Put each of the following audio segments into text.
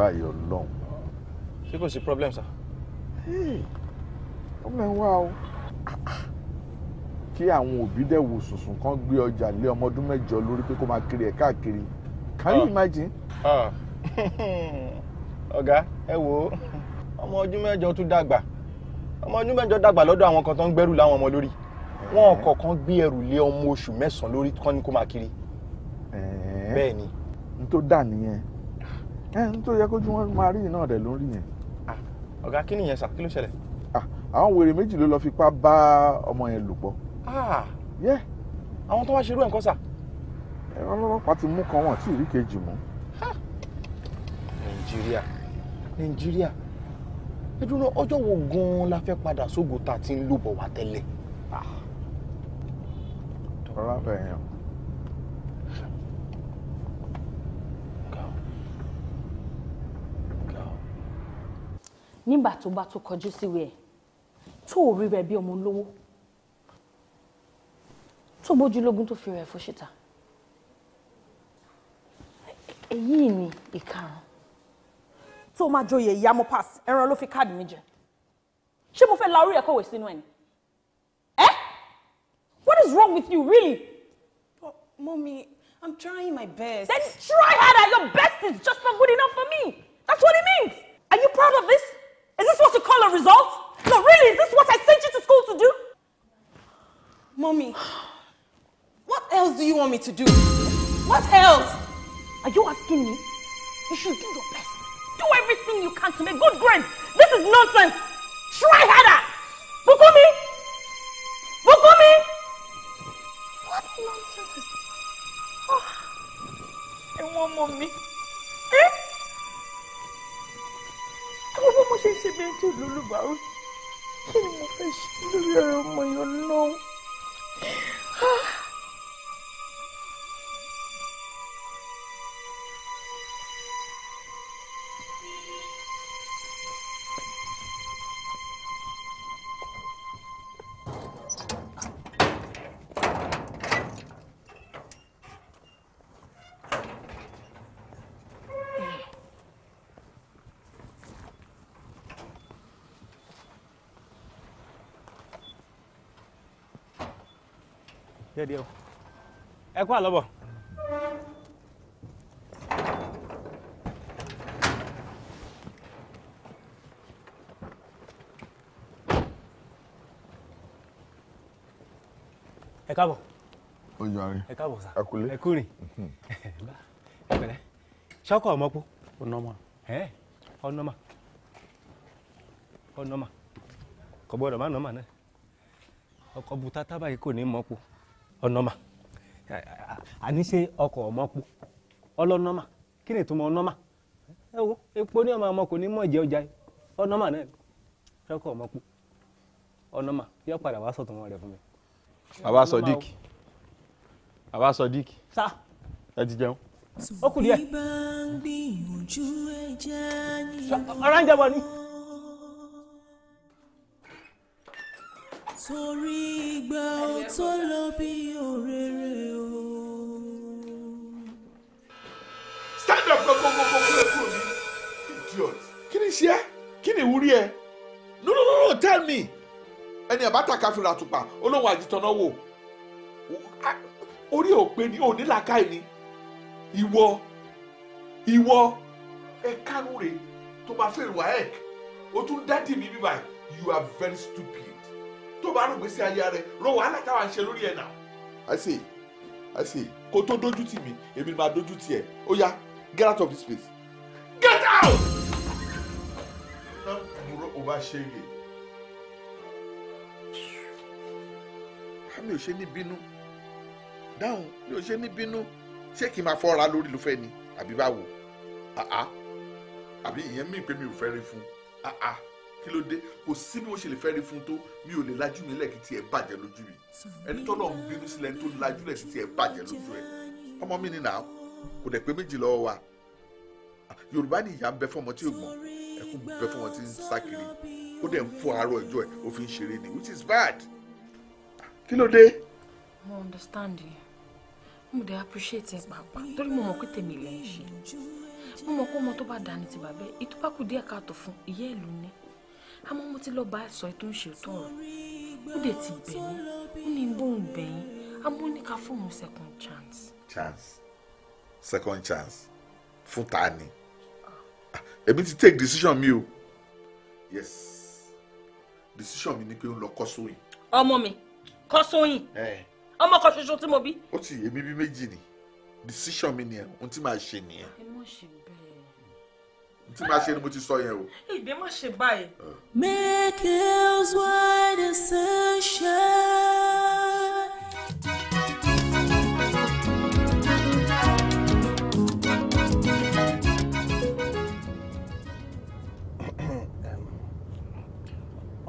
báyìí ọlọ́run. ṣé kò sí problem sir. problem wà o kí àwọn òbí dẹ̀ wò sùnsùn kan gbé ọjà lé ọmọ ọdún mẹ́jọ lórí pé kó máa kiri ẹ̀ káàkiri can you ah. imagine. Ah. ọ̀gá ẹ wo ọmọ ọdún mẹ́jọ tún dàgbà ọmọ ọdún mẹ́jọ dàgbà lọ́dọ̀ àwọn kan tó ń gbẹ́rù láwọn ọmọ lórí eh. wọn kọ̀ọ̀kan gbé ẹrù lé ọmọ oṣù mẹ́sàn-án lórí kán ní kó máa kiri eh. bẹ́ẹ̀ ni. n tó dà nìyẹn ẹ n tó yẹ kójú wọn máa rí iná rẹ̀ lórí yẹn. Ah, ọ̀gá kí nìyẹn sà kí ló ṣẹlẹ̀. Ah, àwọn wèrè méjì ló lọ fipá bá ọmọ yẹn lò pọ̀. Ah! àwọn tó wá ṣerú ẹ̀ ń kọ́ sà. ẹ̀rọ ọlọ́pàá ti mú kan wọn tí ìrí kejì mú. nàìjíríà nàìjíríà ẹ dúró ọjọ́ wo gan-an la fẹ́ padà sógo tá a ti ń lò bọ̀ wá tẹ́lẹ̀. tọ́lá yẹn o. nígbà tó bá tó kọjú síwèé ẹ̀ tó rí rẹ̀ bí ọmọ olówó tó bójúlógún tó fi rẹ̀ fún síta èyí ni ìkarùn. tó máa joyè ìyá pass ẹran ló fi káàdì mi jẹ ṣé mo fẹ́ la orí ẹ̀ kọ̀wé sínú ẹ̀ ni ẹ́ eh? what is wrong with you really. But, i'm trying my best. then try harder your best is just not good enough for me that's what it means are you proud of this. Is this what you call a result? No, really, is this what I sent you to school to do? Mommy, what else do you want me to do? What else? Are you asking me? You should do your best. Do everything you can to make good grades. This is nonsense. Try harder. Bukumi! Bukumi! What nonsense is this? Oh, I want mommy. Eh? àwọn ọmọ ṣe ṣe bẹ́ẹ̀ tí olólùbáwí kí ni mo fẹ́ ṣe lórí ọ̀rọ̀ ọmọ yẹn náà. Ah! kẹ́ẹ̀dẹ́ o ẹ kú àlọ́bọ̀. ẹ káàbọ̀. ó jọ àárín ẹ káàbọ̀ sá ẹ kú rìn mhm. ẹ pẹ̀lẹ́ ṣọ́kọ̀ ọmọ pọ̀ ọ̀nọ́mà ọ̀nọ́mà ọ̀nọ́mà kò gbọ́dọ̀ má nọ́mà náà ọkọ̀ bùtátá báyìí kò ní mọ́pọ̀. Ọnọma, àníṣe ọkọ̀ ọ̀mọ́po ọlọ́nọ́mà kí ni ìtumọ̀ epo ní ọmọ ọmọ ní mọ̀ jẹ́ ọjà ọ̀nọ́mà náà ọkọ̀ ọ̀mọ́po ọ̀nọ́mà yóò padà wá sọ̀tún wọn rẹ̀ fún mi. bàbá bàbá torí ìgbà ò tó lọ bí òrèrè o. stand up gbogbogbò kúrò kúrò ní idiot. kí ni ṣe é kí ni ìwúrí ẹ no no no no tell me ẹni àbáta káfíńrà àtùpà olóhùn àjìtọ̀nà wò orí òpè ni òní làákàyè ni ìwọ ìwọ ẹ kárùn rè tó máa fẹ́ ìwà ẹ̀ o tún dá dì mí bíbáyìí you are very stupid tó bá rògbé sí ayé rẹ ro wàhálà táwa ń ṣe lórí ẹ̀ nà. I see I see kó tó dójú tì mí èmi máa dójú tì ẹ́ ó yá get out of this place. Get out. náà mo rò ó bá ṣe é mi ò ṣe ní bínú dáhùn mi ò ṣe ní bínú ṣé kí n máa fọ́ra lórí ló fẹ́ ni àbí báwo àá àbí ìyẹn mí pé mi ò fẹ́ rí fún kí ló dé kò sí bí mo ṣe lè fẹ́ rí fún tó mi ò lè lajú mi lẹ́ẹ̀kì tí ẹ bàjẹ́ lójú mi ẹni tọ́lọ̀ ń bínú sílẹ̀ tó lajú lẹ́ẹ̀kì tí ẹ bàjẹ́ lójú ẹ ọmọ mi nìyà kò dẹ̀ pé méjì lọ́wọ́ wa yorùbá ni ìyá ń bẹ fọmọ tí ò gbọ́n ẹkún bẹ fọmọ tí ń sá kiri ó dẹ̀ ń fọ àárọ̀ ẹjọ́ ẹ ó fi ń ṣeré ni which is bad kí ló dé. mo understand you mo dey appreciate ẹ pàápàá torí mo mọ̀ pé tèmi lè ṣe mo mọ̀ pé ọmọ tó bá dání ti bàbá ìtúpákù díẹ̀ káàtó fún ìyá ẹ̀ ní àmọ́ mo ti lọ bá sọ ètò ìṣètò ọ̀rọ̀ ó dẹ̀ ti bẹ̀ mí ó ní bóun bẹ̀yìn àmọ́ ní ká fóun second chance. chance second chance fún ta ni èmi ti take decision mi o yes decision mi ni pé ó ń lọ kọ́ sóyìn. ọmọ mi kọ́ sóyìn ọmọ kan ṣoṣo tí mo bí. ó ti èmi bí méjì ni decision mi nìyẹn ohun tí màá ṣe nìyẹn. ẹ mọ̀ ṣe bẹ́ẹ̀ tí màá ṣe ni mo ti sọ yẹn o. èdè má ṣe báyìí. make hills white as sunshine.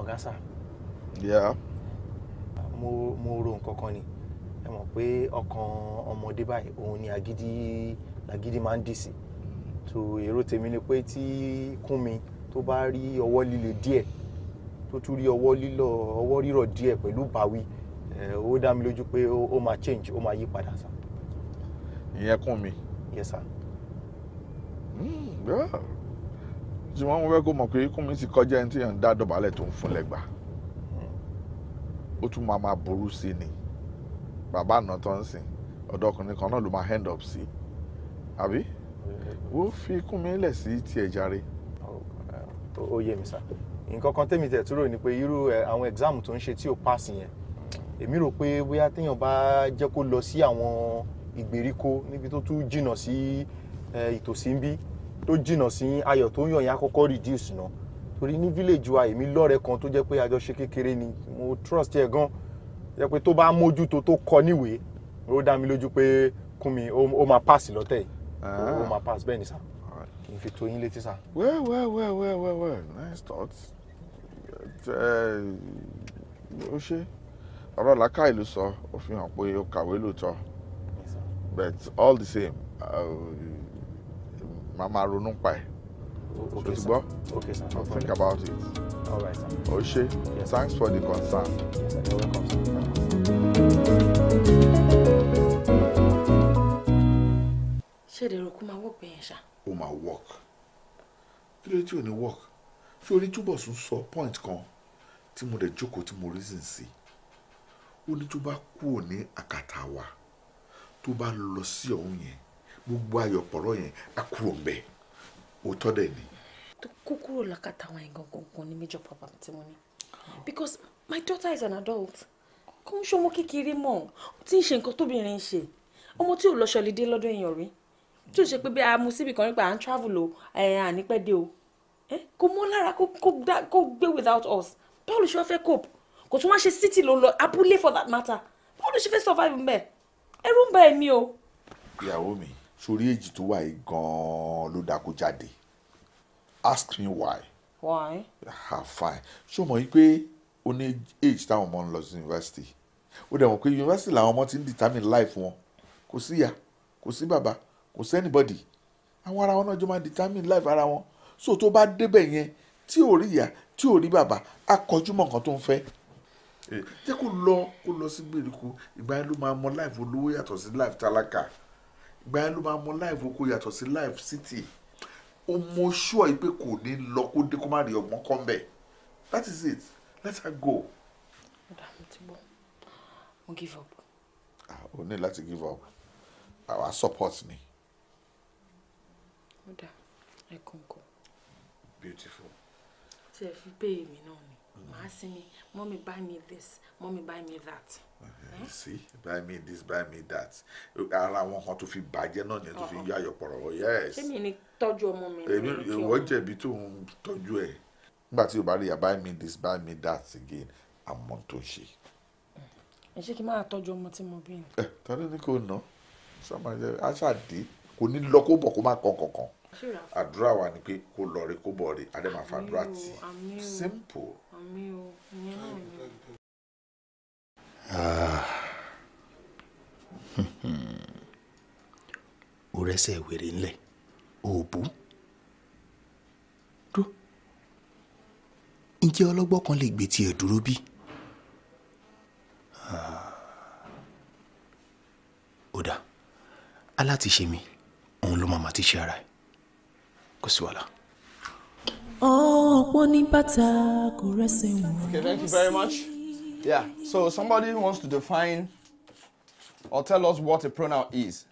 ọ̀gá sá. mo mo ro nǹkan kan ni ẹ mọ̀ pé ọkàn ọmọdé báyìí òun ni àgídí làgídí máa ń dì sí so èrò tèmi ni pé tí Kúnmi tó bá rí ọwọ́ líle díẹ̀ tó tún rí ọwọ́ lílọ ọwọ́ rírọ̀ díẹ̀ pẹ̀lú báwí ó dá mi lójú pé ó máa change ó máa yí padà sá. ìyẹn Kúnmi. yes sir. tí hmm, wọ́n fẹ́ kó mọ̀ pé Kúnmi ti kọjá ẹni tí yàn ń dá dọ̀bálẹ̀ tó ń fún lẹ́gbà hmm. ó tún máa máa burú sí ni bàbá àná tó ń sìn ọ̀dọ́kùnrin kan náà ló máa hand up sí àbí. Si wo fi kún mi lẹ̀ sí tiẹ̀ jàre. ó yé mi sá nǹkan kan tẹ́mi tẹ̀ túrò ni pé irú àwọn exam tó ń ṣe tí o pass yẹn èmi rò pé bóyá téèyàn bá jẹ́ kó lọ sí àwọn ìgbèríko níbi tó tún jìnnà sí ìtòsí ń bí tó jìnnà sí ayọ̀ tó ń yàn yẹn àkọ́kọ́ reduce náà torí ní village wa èmi lọ́rẹ̀ẹ́ kan tó jẹ́ pé àjọṣe kékeré ni mo trust ẹ̀ gan jẹ́ pé tó bá mójútó tó kọ níwèé ó dá mi lójú pé kún mi ó máa pass lọ́tẹ̀ yìí owó ah. máa pass bẹ́ẹ̀ ni sà kí n fi tó yín létí sà. well well well well well well nice thought ó ṣe ọ̀rọ̀ làákàyè ló sọ ó hàn pé ó kàwé lóòótọ́ but all the same uh, màá máa ronú pa ẹ̀ okay sir okay i'll think about it ó ṣe thanks for the concern yes, sir. ṣẹ̀dẹ̀ rò kó máa work bẹ́ẹ̀ yẹn ṣá. ó máa work kí ló tí ò ní work ṣé onítúbọ̀sùn sọ point kan tí mo dẹ̀ jókòó tí mo reason sí ó ní tó bá kúrò ní àkàtà wa tó bá lọ sí ọ̀hún yẹn gbogbo ayọ̀pọ̀rọ̀ yẹn á kúrò ńbẹ̀ òótọ́ dẹ̀ ni. tó kó kúrò lákàtà àwọn yẹn gangan ní major problem tí mo ní because my daughter is an adult kò ń ṣọmọ kékeré mọ́ ó ti ń ṣe nǹkan tóbìnrin ń ṣe ọmọ tí ò lọ ṣọlídé lọ́dọ̀ èèyàn rí tí o ṣe pé bí a mu síbi kan nípa à ń travel o àní pẹ́ dé o kò mọ́ lára kó gbé without us báwo ló ṣe wá fẹ́ cope kò tún wá ṣe city ló lọ abúlé for that matter báwo ló ṣe fẹ́ survive mbẹ́ ẹ̀rù ń bà mí o. ìyàwó mi sórí èjì tó wà yìí gan-an ló dáa kó jáde ask me why. why. ah fine ṣé o mọ̀ yí pé o ní age táwọn ọmọ ń lọ sí yunifásitì o dẹ̀ mọ̀ pé yunifásitì làwọn ọmọ ti ń determine life wọn kò síyà kò sí bàbá kò sẹ́nibọ́dì àwọn ara wọn náà jọ máa determine life ara wọn so tó bá débẹ̀ yẹn tí ò rí ìyá tí ò rí bàbá á kọjú mọ́ nǹkan tó ń fẹ́ jẹ́ kó lọ kó lọ sí gbèríko ìgbà yẹn ló máa mọ life olówó yàtọ̀ sí life tálákà ìgbà yẹn ló máa mọ life oko yàtọ̀ sí life city ó mọ ṣúọ̀ yìí pé kò ní lọ kó dé kó má rí ọgbọ́n kan bẹ̀ that is it let her go. ọ̀dà mo ti bọ̀ mo give up. Ah, o ní láti give up àwa support ni ó ẹ kọ̀ọ̀kan. beautiful. tí ẹ fi pay mi náà ni màá sinmi mommy buy me this mommy buy me that. Okay, eh? see buy me this buy me that ara wọn kan tó fi bàjẹ́ náà yẹn tó fi yá ayọ̀ pọ̀rọ̀ yes. èmi ni tọ́jú ọmọ mi. èmi ìwọ jẹ̀bi tó ń tọ́jú ẹ̀ nígbà tí o bá rí ya buy me this buy me that again àmọ́ tó ń ṣe. ẹ ṣé kí n máa tọ́jú ọmọ tí mo bí. ẹ tọ́lá ní kò ná sọ́mọ́ ẹ aṣáà dé kò ní lọ kó bọ̀ kó má kàn kankan àdúrà wa ni pé kó lọrí kó bọ̀rí adémàfà àdúrà tì simple. Ah. o rẹsẹ̀ wèrè ńlẹ̀ òòbù dúró ǹjẹ́ ọlọ́gbọ́n kan lè gbé tiẹ̀ dúró bí? Ah. ó dà aláti ṣe mi òun ló máa ma ti ṣe ara ẹ̀ kò sí wàhálà. ọ̀pọ̀ ní bàtà kò rẹ́sẹ̀ wọ̀n. okay thank you very much yeah so somebody wants to define or tell us what a pronoun is.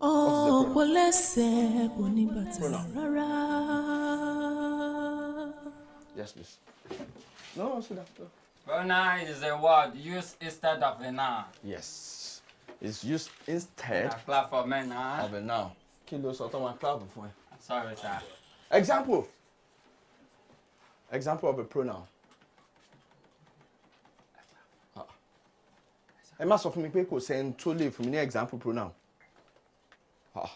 ọ̀pọ̀ lẹ́sẹ̀ kò ní bàtà rárá. yes please. no sit down. Pronoun is a word used instead of a noun. Yes. It's used instead. I clap for me now. Of a noun. Kí ló sọ tó máa clap fún ẹ? Sorry, sir. Example. Example of a pronoun. Ẹ má sọ fún mi pé kò sẹ́ni tó lè fún mi ní example pronoun. Ah.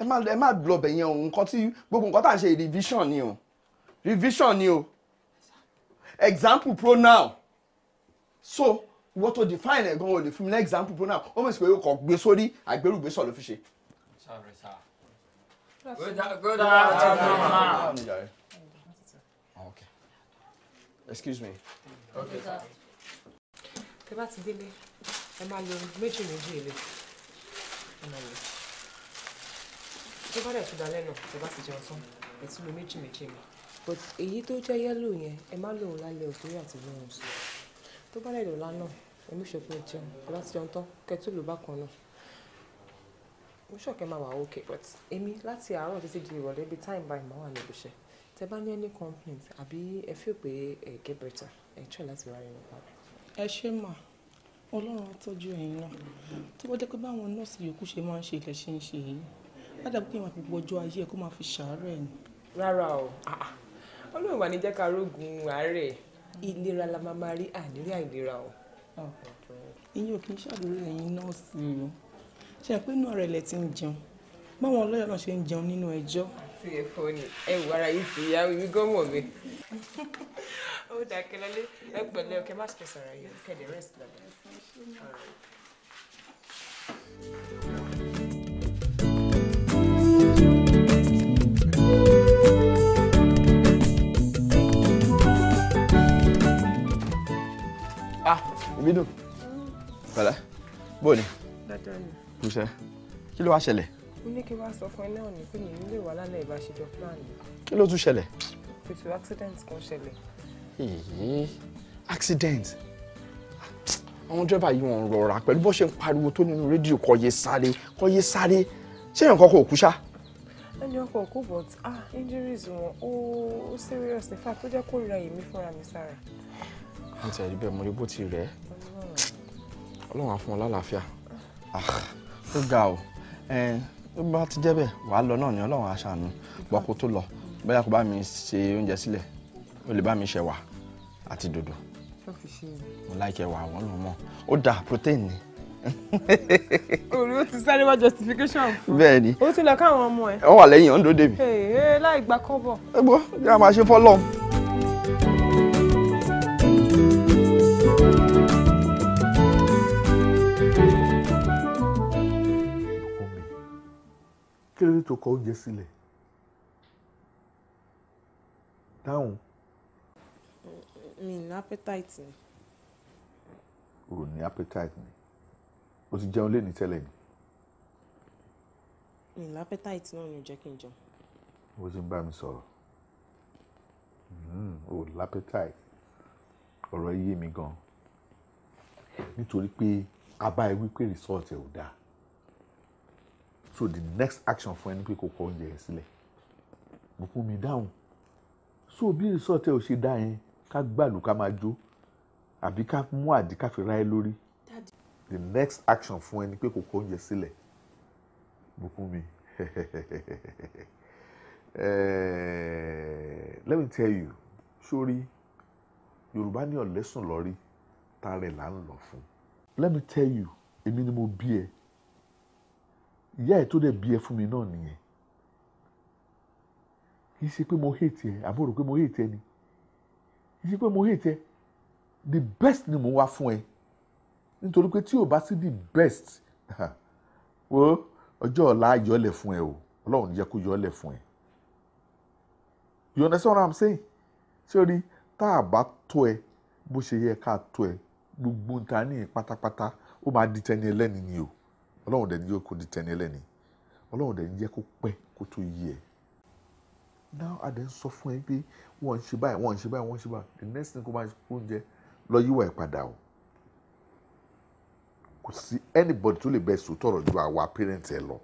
Ẹ má ẹ má lọ bẹ̀ yẹn o nǹkan tí gbogbo nǹkan tá à ń ṣe revision ni o revision ni o example pronoun so wọ́n tó define ẹ̀ gan-an ò lè fún mi ní example pronoun ó mọ̀ sí pé ó kọ̀ gbé sórí àgbérùgbésọ̀ ló fi ṣe. Sorry, sir. Excuse me. Okay. Tẹ́ ti délé, ẹ máa yọ méjì méjì ilé. Ẹ máa yọ. Tó bá dẹ̀ tún dalẹ́ náà, tẹ́ ti jẹun tán, ẹ tún lo méjì méjì mi. But èyí tó jẹ́ yẹ́lò yẹn, ẹ má lòun lálẹ́ òtórí àti lóhùn sùn. Tó bá dẹ̀ lọ́la náà, ẹ mú ìṣòfin ìjẹun, ẹ bá ti jẹun tán, kẹ́ tó lò bákan náà mo ṣọ̀kẹ́ máa wà okay but èmi láti àárọ̀ títí di ìrọ̀lẹ́ bíi time by mọ́ wà níbi iṣẹ́ tẹ bá ní any complaint àbí ẹ fi pé ẹ get better ẹ try láti wá ẹyin padà. ẹ ṣe mà ọlọ́run á tọ́jú ẹ̀yin náà tó bá jẹ́ pé báwọn nọ́ọ̀sì yòókù ṣe máa ń ṣe ilẹ̀ ṣe ń ṣe yìí ládàbí kí n máa fi ayé ẹ kó máa fi ṣàárẹ̀ ni. rárá o ọlọ́run wà ní jẹ́ rógun àárẹ̀ ìlera la máa máa rí àníríà ìlera o. ìyẹn ah. ò kì í ṣàdúrà ẹ̀yin nọ́ọ̀sì o ṣe pé inú ọ̀rẹ́ ilẹ̀ ti ń jẹun báwọn ọlọ́yà náà ṣe ń jẹun nínú ẹjọ́. ti ẹ fọ ni ẹ wò ara yìí ti yá ibi gan mọ̀ mi. ó dà kẹlẹ́lé ẹ pẹ̀lẹ́ ọkẹ má stress ara yìí kẹ̀lẹ́ rest dada. ah ibi dùn pẹ̀lẹ́ bóni. dáadáa ni. Musa, kí ló wá ṣẹlẹ̀? Mo ní kí wá sọ fún ẹ náà ní pé mi nílé wà lálẹ́ ìbáṣejọ plan. Kí ló tún ṣẹlẹ̀? Fètò accident kan ṣẹlẹ̀. Èyí accident àwọn dírẹ́bà yìí wọ́n rọra pẹ̀lú bó ṣe ń pariwo tó nínú rédíò kò yé sáré kò yé sáré ṣé èèyàn kankan ò ṣá. ẹni ọkọ̀ kú but ah injuries wọn ó ó serious in fact ó jẹ́ kó ra èmi fúnra mi sára. mo ti rí bẹ́ẹ̀ mo rí bó ti rẹ̀ ẹ́ ọlọ́run á fún ọ lálàáfíà. Ah ó ga o ó bá ti jẹ́ bẹ́ẹ̀ wàá lọ náà ni ọlọ́run aṣàánú bọ́kú tó lọ bóyá kó bá mi ṣe oúnjẹ sílẹ̀ ó lè bá mi ṣẹ̀wà àti dòdò mo láìkẹ́ wà wọ́n lò mọ́ ó dà protein ni. orí ó ti sáré wá justification fún. bẹ́ẹ̀ ni ó tún lọ káwọn ọmọ ẹ̀. wọ́n wà lẹ́yìn ọ̀ńdó débi. láì gba kọ́bọ̀. ẹ gbọ́ bí a máa ṣe fọ́lọ́hún. kí ló dé tó kọ oúnjẹ sílẹ̀ dáhùn. mi ní appetite ni. o ní appetite ni o ti jẹun léni tẹ́lẹ̀ ni. mi ní appetite náà ni ò jẹ́ kí n jẹun. o ti ń bá mi sọ̀rọ̀ hmm, o ní appetite ọ̀rọ̀ yé mi gan-an nítorí pé a bá ẹ result ẹ ò dáa so the next action fún ẹni pé kò kọ oúnjẹ yẹn sílẹ̀ Bùkúnmi dáhùn so bí rìsọ́ọ̀tì ò ṣe dá yẹn ká gbàlù ká máa jó àbí ká mú àdí ká fi ráyé lórí the next action fún ẹni pé kò kọ oúnjẹ sílẹ̀ Bùkúnmi eh, let me tell you sórí Yorùbá ní ọ̀lẹ́sùn lọ́rí tá a rẹ̀ là ń lọ fún let me tell you èmi ni mo bí ẹ ìyá ẹ̀ tó dẹ̀ bí ẹ fún mi náà nìyẹn kì í ṣe pé mo hate ẹ àbúrò pé mo hate ẹ ni kì í ṣe pé mo hate ẹ the best ni mo wá fún ẹ nítorí pé tí o bá sí the best wo ọjọ́ ọ̀la yọ̀ọ́lẹ̀ fún ẹ o ọlọ́run jẹ́ kó yọ̀ọ́lẹ̀ fún ẹ you understand what I'm saying sori tá a bá tó ẹ bó ṣe yẹ ká tó ẹ gbogbo nǹkan pátápátá ó máa di tẹni ẹlẹ́ni ni o ọlọ́run dẹ̀ ń jẹ́ kó di tẹni ẹlẹ́ni ọlọ́run dẹ̀ ń jẹ́ kó pẹ́ kó tó yí ẹ̀ now adẹ̀ ń sọ fún ẹ pé wọ́n ń ṣe báyìí wọ́n ń ṣe báyìí wọ́n ń ṣe báyìí the next thing kó máa kó oúnjẹ lọ yíwọ̀ ẹ̀ padà o kò sí anybody tó lè bẹ sòótọ́ ọ̀rọ̀ ju àwa parent ẹ lọ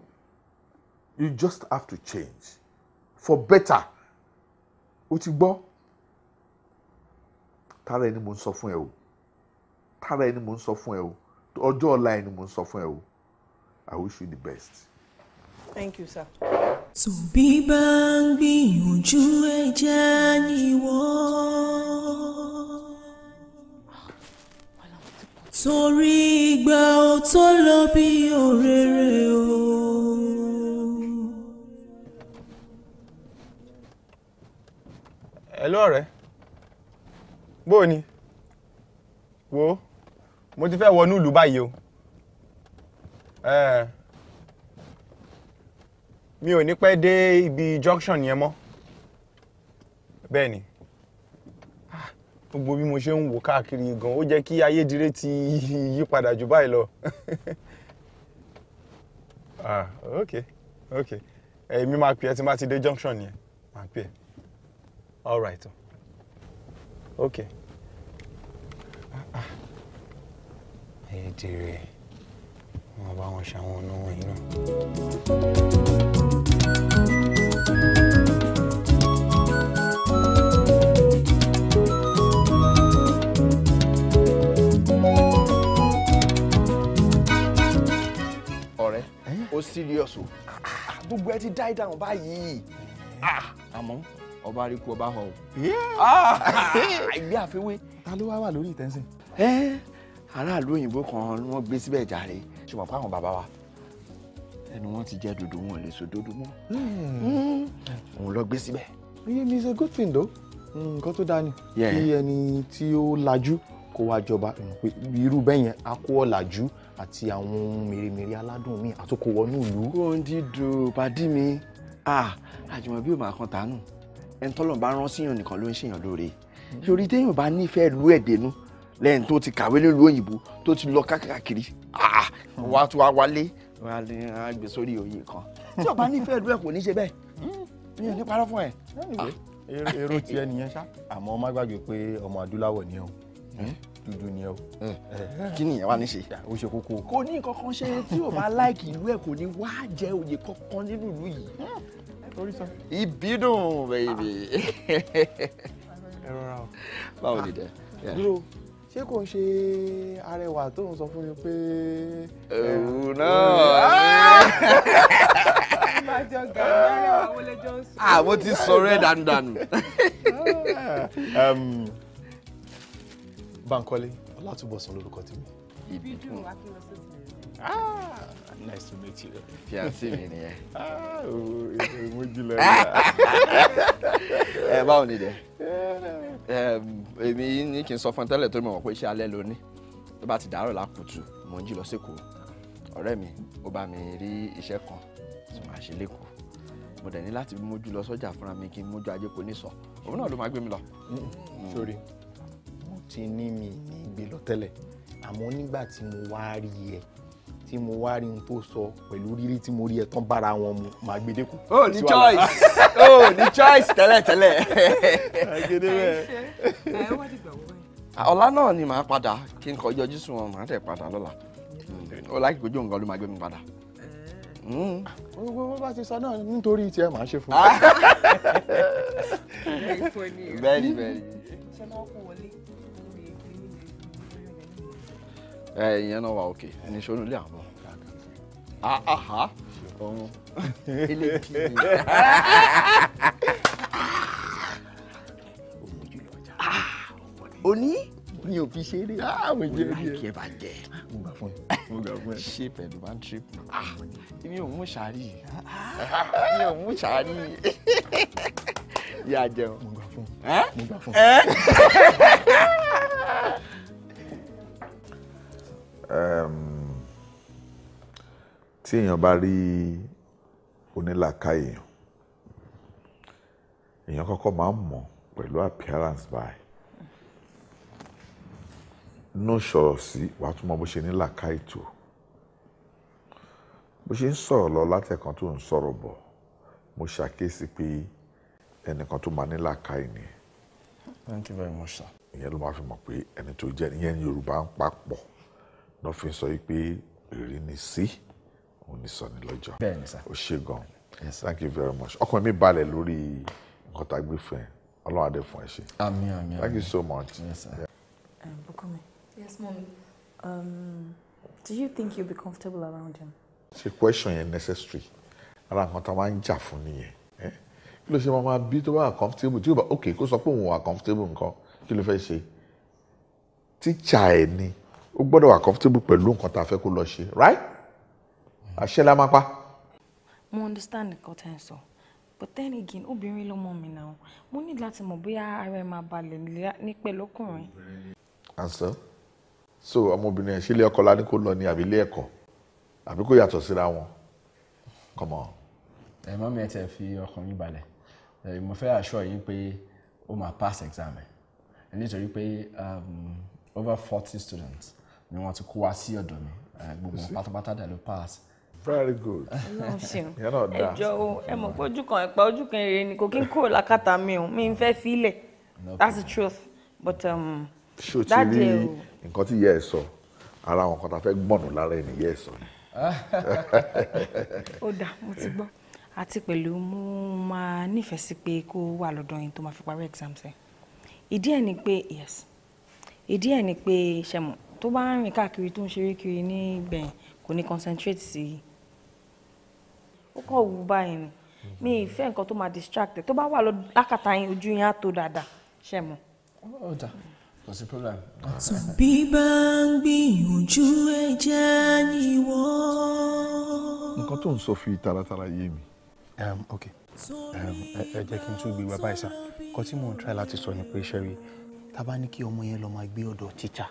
you just have to change for better o ti gbọ́ tara ẹni mo ń sọ fún ẹ o tara ẹni mo ń sọ fún ẹ o ọjọ́ ọ̀la ẹni mo ń sọ fún ẹ o. I wish you the best. Thank you, sir. tó bí bá ń gbìyànjú ẹ̀jẹ̀ níwọ̀ torí ìgbà ò tó lọ bí òrèrè o. Hello ọ̀rẹ́ bó o ni wo mo ti fẹ́ wọnú ìlú báyìí o mi ò ní pẹ́ dé ibi junction yẹn mọ́ bẹ́ẹ̀ ni ah, gbogbo bí mo ṣe ń wò káàkiri gan ó jẹ́ kí ayédire ti yí padà jù báyìí lọ ah ok ok èmi máa pè ẹ́ tí n bá ti dé junction yẹn máa pè ẹ́ all right ok ayédire. Ah, ah. Hey, dearie wọn bá wọn ṣàwọn olówó iná. ọ̀rẹ́ ó serious o gbogbo ẹ ti dá ẹ dáhùn báyìí ah, àmọ́ ọba rí ọba họ o ah, ìgbé àfiwé. ta ló wá wà lórí ìtẹ́sìn. aráàlú òyìnbó kan ni wọ́n gbé síbẹ̀ jàre ṣe mọ̀ fáwọn bàbá wa ẹnu wọn ti jẹ́ dòdò wọn lè so dòdò mọ́ hmm. òun lọ gbé síbẹ̀. iye mi is a good thing though nǹkan tó dáa ni kí ẹni tí ó lajú kó wá jọba irú bẹ́ẹ̀ á kó ọ̀làjú àti àwọn mèremère aládùn mi àtòkò wọnú ìlú. kó ń dídò pàdí mi àjùmọ̀ bí òun àkàn tánù ẹni tọ́lọ̀ bá rán síyàn nìkan ló ń ṣèyàn lóore. yorùbá hmm. téèyàn bá nífẹ̀ẹ́ lu ẹ̀dẹ̀nu lẹ́yìn tó ti kàwé nílùú òyìnbó tó ti lọ káàkiri ah, wà á tún wá wálé wà á lè gbé sórí òye kan tí ọba nífẹ̀ẹ́ ìlú ẹ̀ kò ní ṣe bẹ́ẹ̀ mi ò ní parọ́ fún ẹ. Ah, èrò tiẹ̀ nìyẹn ṣá àmọ́ má gbàgbé pé ọmọ adúláwọ̀ ni ọ́ dúdú ni ọ́. kí nìyẹn wá ní ṣe. ó ṣe kókó. kò ní kankan ṣe tí ò bá láìkì ìlú ẹ̀ kò ní wá jẹ oyè kankan nínú ìlú yìí. ìbídùn bẹ́ẹ̀ bẹ́ẹ̀. ẹ rọra o. báwo ni dẹ. Ah, dúró ṣé kò ń ṣe arẹwà tó ń sọ fún mi pé. ẹ̀rù náà. àmọ́ ah, ti sọ̀rọ̀ ẹ̀ dànùdànù. Bankole Ọlátúbọ̀sún lórúkọ tèmi. ibi dùn akínwọsí ti Ah, nice to meet you. Fiancé mi nìyẹn. Ah, ooo, ìmójúlẹ̀. Ẹ báwo ni dẹ? èmi ní kí n sọ fún ẹ tẹ́lẹ̀ tó mọ̀ pé iṣẹ́ alẹ́ lóní tó bá ti dàárọ̀ lákùtù mò ń jí lọ sékòó ọ̀rẹ́ mi ó bá mi rí iṣẹ́ kan tí màá ṣe lẹ́kọ̀ọ́ mo dẹ̀ ní láti mójú lọ sọ́jà fúnra mi kí n mójú ajé kò ní sọ òun náà ló máa gbé mi lọ. Mm-hmm. sori mo ti ní mi ní ìgbé lọ tẹ́lẹ̀ àmọ́ nígbà tí mo wá rí ẹ tí mo wá rí ohun tó sọ pẹ̀lú rírí tí mo rí ẹ tán bára wọn mu màá gbèdé o oh, ní choice o oh, ní choice tẹ́lẹ̀tẹ́lẹ̀. Ah, ọ̀la náà ni màá padà kí n kọ yọjú sùn wọn màá tẹ̀ padà lọ́la ó láì kojú nǹkan ló máa gbé mi padà. Hmm. owó bá ti sọ náà nítorí tiẹ̀ màá ṣe fún un. bẹ́ẹ̀ni bẹ́ẹ̀ni. ṣé máa ẹ eh, ìyẹn náà wà òkè ẹni ṣonú ilé àwọn aha ah, ọmọ ah. ilé kí ni. òní mi ò fi ṣeré ah, mo láìkí ẹ bá jẹ mo gbà fún ẹ mo gbà fún ẹ ṣe pẹ̀lú one trip mi ò mú sàárì mi ò mú sàárì yà jẹun mo gbà fún ẹ eh? mo gbà fún ẹ. Eh? tí èèyàn bá rí onílàkàyè èèyàn kọ́kọ́ máa ń mọ̀ pẹ̀lú appearance báyìí nínú sọ̀rọ̀ sí wàá tún mọ bó ṣe ní làkàyè tó bó ṣe ń sọ̀rọ̀ lọ látẹ̀kan tó ń sọ̀rọ̀ bọ̀ mo ṣàkíyèsí pé ẹnìkan tó máa ní làkàyè nìyẹn. thank you very much ìyẹn ló máa fi mọ̀ pé ẹni tó jẹ́ ìyẹn Yorùbá ń papọ̀ náà fi sọ pé ìrínisí òun ní sọ ní lọ́jọ́ ó ṣe gan thank you very much ọkàn mi balẹ̀ lórí nǹkan tá a gbé fún ẹ ọlọ́run adé fún ẹ ṣe thank you so much. Yes, sir. Um, Bukumi. Yes, mommy. Um, do you think you'll be comfortable around him? ṣe question yẹn necessary ara nǹkan tá a máa ń jà fún nìyẹn kí ló ṣe máa máa bí tó bá wà comfortable tí ó bá ok kó sọ pé òun wà comfortable nǹkan kí ló fẹ́ ṣe tíjà ẹ̀ ni ó gbọ́dọ̀ wà comfortable pẹ̀lú nǹkan tá a fẹ́ kó lọ ṣe right àṣẹ la máa pa. mo understand nǹkan tẹ́ ń sọ but then again obìnrin ló mọ mi náà mo ní láti mọ̀ bóyá ara ẹ̀ máa balẹ̀ ní pẹ̀lú ọkùnrin. àǹsọ so ọmọbìnrin ẹ̀ ṣe ilé ọkọ lání kó lọ ní àbí ilé ẹ̀kọ́ àbí kó yàtọ̀ síra wọn come on. ẹ mọ́ mi ẹ tẹ̀ fi ọkàn yín balẹ̀ mo fẹ́ assure yín pé ó máa pass exam ẹ̀ nítorí pé um, over forty students ni wọ́n ti kó wá sí ọ̀dọ̀ mi gbogbo pátápátá dẹ̀ ló pass. very good ẹjọ o ẹ mọ̀ pé ojú kan ẹ̀pá ojú kan èrè ni kò kí n kó lákàtà mi o mi n fẹ́ filẹ̀ that's the truth but um, that day o. nǹkan tí yẹ ẹ sọ ara àwọn kan tá a fẹ́ gbọ̀nù lára ẹ̀ nìyẹ ẹ sọ. ó dà mo ti gbọ́ àti pẹ̀lú mo máa nífẹ̀ẹ́ sí pé kó wà lọ́dọ̀ yín tó máa fi parí exams ẹ̀ ìdí ẹ̀ ni pé yes ìdí ẹ̀ ni pé ṣẹ̀mọ̀ tó bá ń rìn káàkiri tó ń ṣeré kiri ní gbẹ̀yìn kò ní concentrate sí i ó kàn wù báyìí ni mi ìfẹ́ nǹkan tó máa distract tó bá wà lákàtà yín ojú yín á tó dáadáa ṣe mọ́. ó bí bá ń gbìyànjú ẹja yíwọ́. nǹkan tó ń sọ fi taratara yé mi. ok ẹ jẹ́ kí n tún gbé bàbá ẹ̀ sá kọ́ tí mò ń try láti sọ ni pé ṣẹ́rí tá a bá ní kí ọmọ yẹn lọ máa gbé ọ̀dọ̀ tíṣà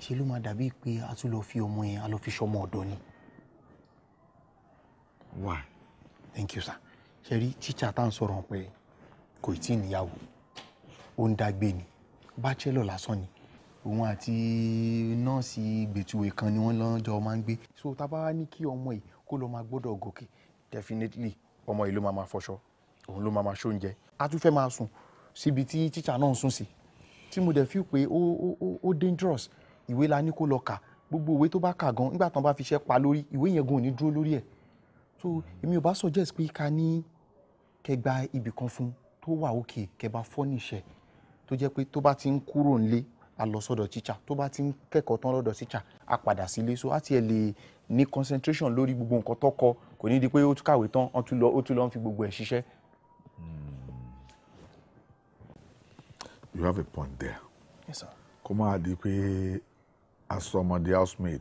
ṣe ló máa dàbí pé a tún lọ fi ọmọ yẹn a lọ fi ṣọmọ ọ̀dọ̀ ni. wà thank you sir ṣe rí tíṣà tá à ń sọ̀rọ̀ pé kò tí ì níyàwó ó ń dágbé ni bachelor lásán ni òun àti nọ́ọ̀sì gbètùwé kan ni wọ́n lọ́jọ́ máa ń gbé so tá a ní kí ọmọ yìí kó lọ máa gbọ́dọ̀ gòkè definitely ọmọ yìí ló máa máa fọṣọ òun ló máa máa ṣóúnjẹ a tún fẹ́ máa sùn síbi tí tíṣà náà sùn sí tí mo dẹ̀ fi pé ó ó ó dangerous ìwé la ní kó lọ kà gbogbo ìwé tó bá kà gan nígbà tán bá fi ṣẹ́ pa lórí ìwé yẹn gan ò ní dúró lórí ẹ̀ so èmi ò bá suggest pé ká ní kẹgbà ibì kan fún tó wà òkè kẹbà fọ́nìṣẹ́ tó jẹ́ pé tó bá ti ń kúrò nílé a lọ tó bá ti ń kẹ́kọ̀ọ́ tán lọ́dọ̀ tíṣà a padà sílé so á tiẹ̀ lè ní concentration lórí gbogbo nǹkan tó kò ní di pé ó tún kàwé tán ó tún lọ ó tún lọ ń fi gbogbo ẹ̀ ṣiṣẹ́. Hmm. you have a point there. yes sir. kó máa di pé asọmọdé housemaid.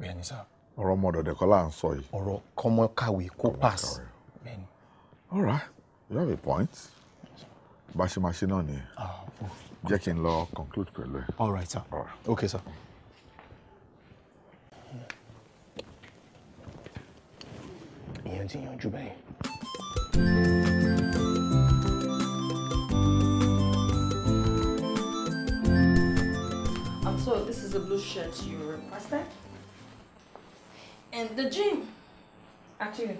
bẹ́ẹ̀ni sá. ọ̀rọ̀ ọmọdọ̀dẹ̀ kọ́ là ń sọ yìí. ọ̀rọ̀ kọ́mọ kàwé kó pass. bẹ́ẹ̀ni. all right you have a point bá ṣe máa ṣe náà nìyẹn ah, oh. jẹ́ kí n lọ conclude pẹ̀lú ẹ. all right sir all right. okay sir. ìyẹn ti yanjú bẹ́ẹ̀. So this is a blue shirt you requested. And the gym, Actually.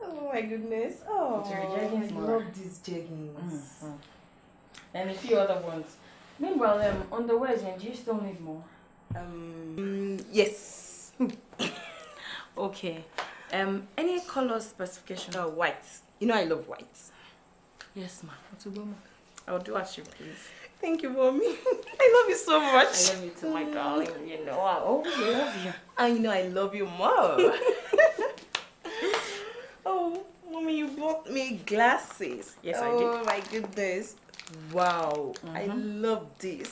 Oh my goodness. Oh, I love these jeggings. Mm -hmm. And a few other ones. Meanwhile, um, on the wedding, do you still need more? Um, yes. okay. Um, any color specification? Oh, white. You know I love white. Yes, ma'am. I'll do as you please. Thank you, mommy. I love you so much. I love you too, my darling. You know, I always love you. And you know, I love you more. oh, mommy, you bought me glasses. Yes, oh, I did. Oh, my goodness. Wow. Mm -hmm. I mm-hmm. love this.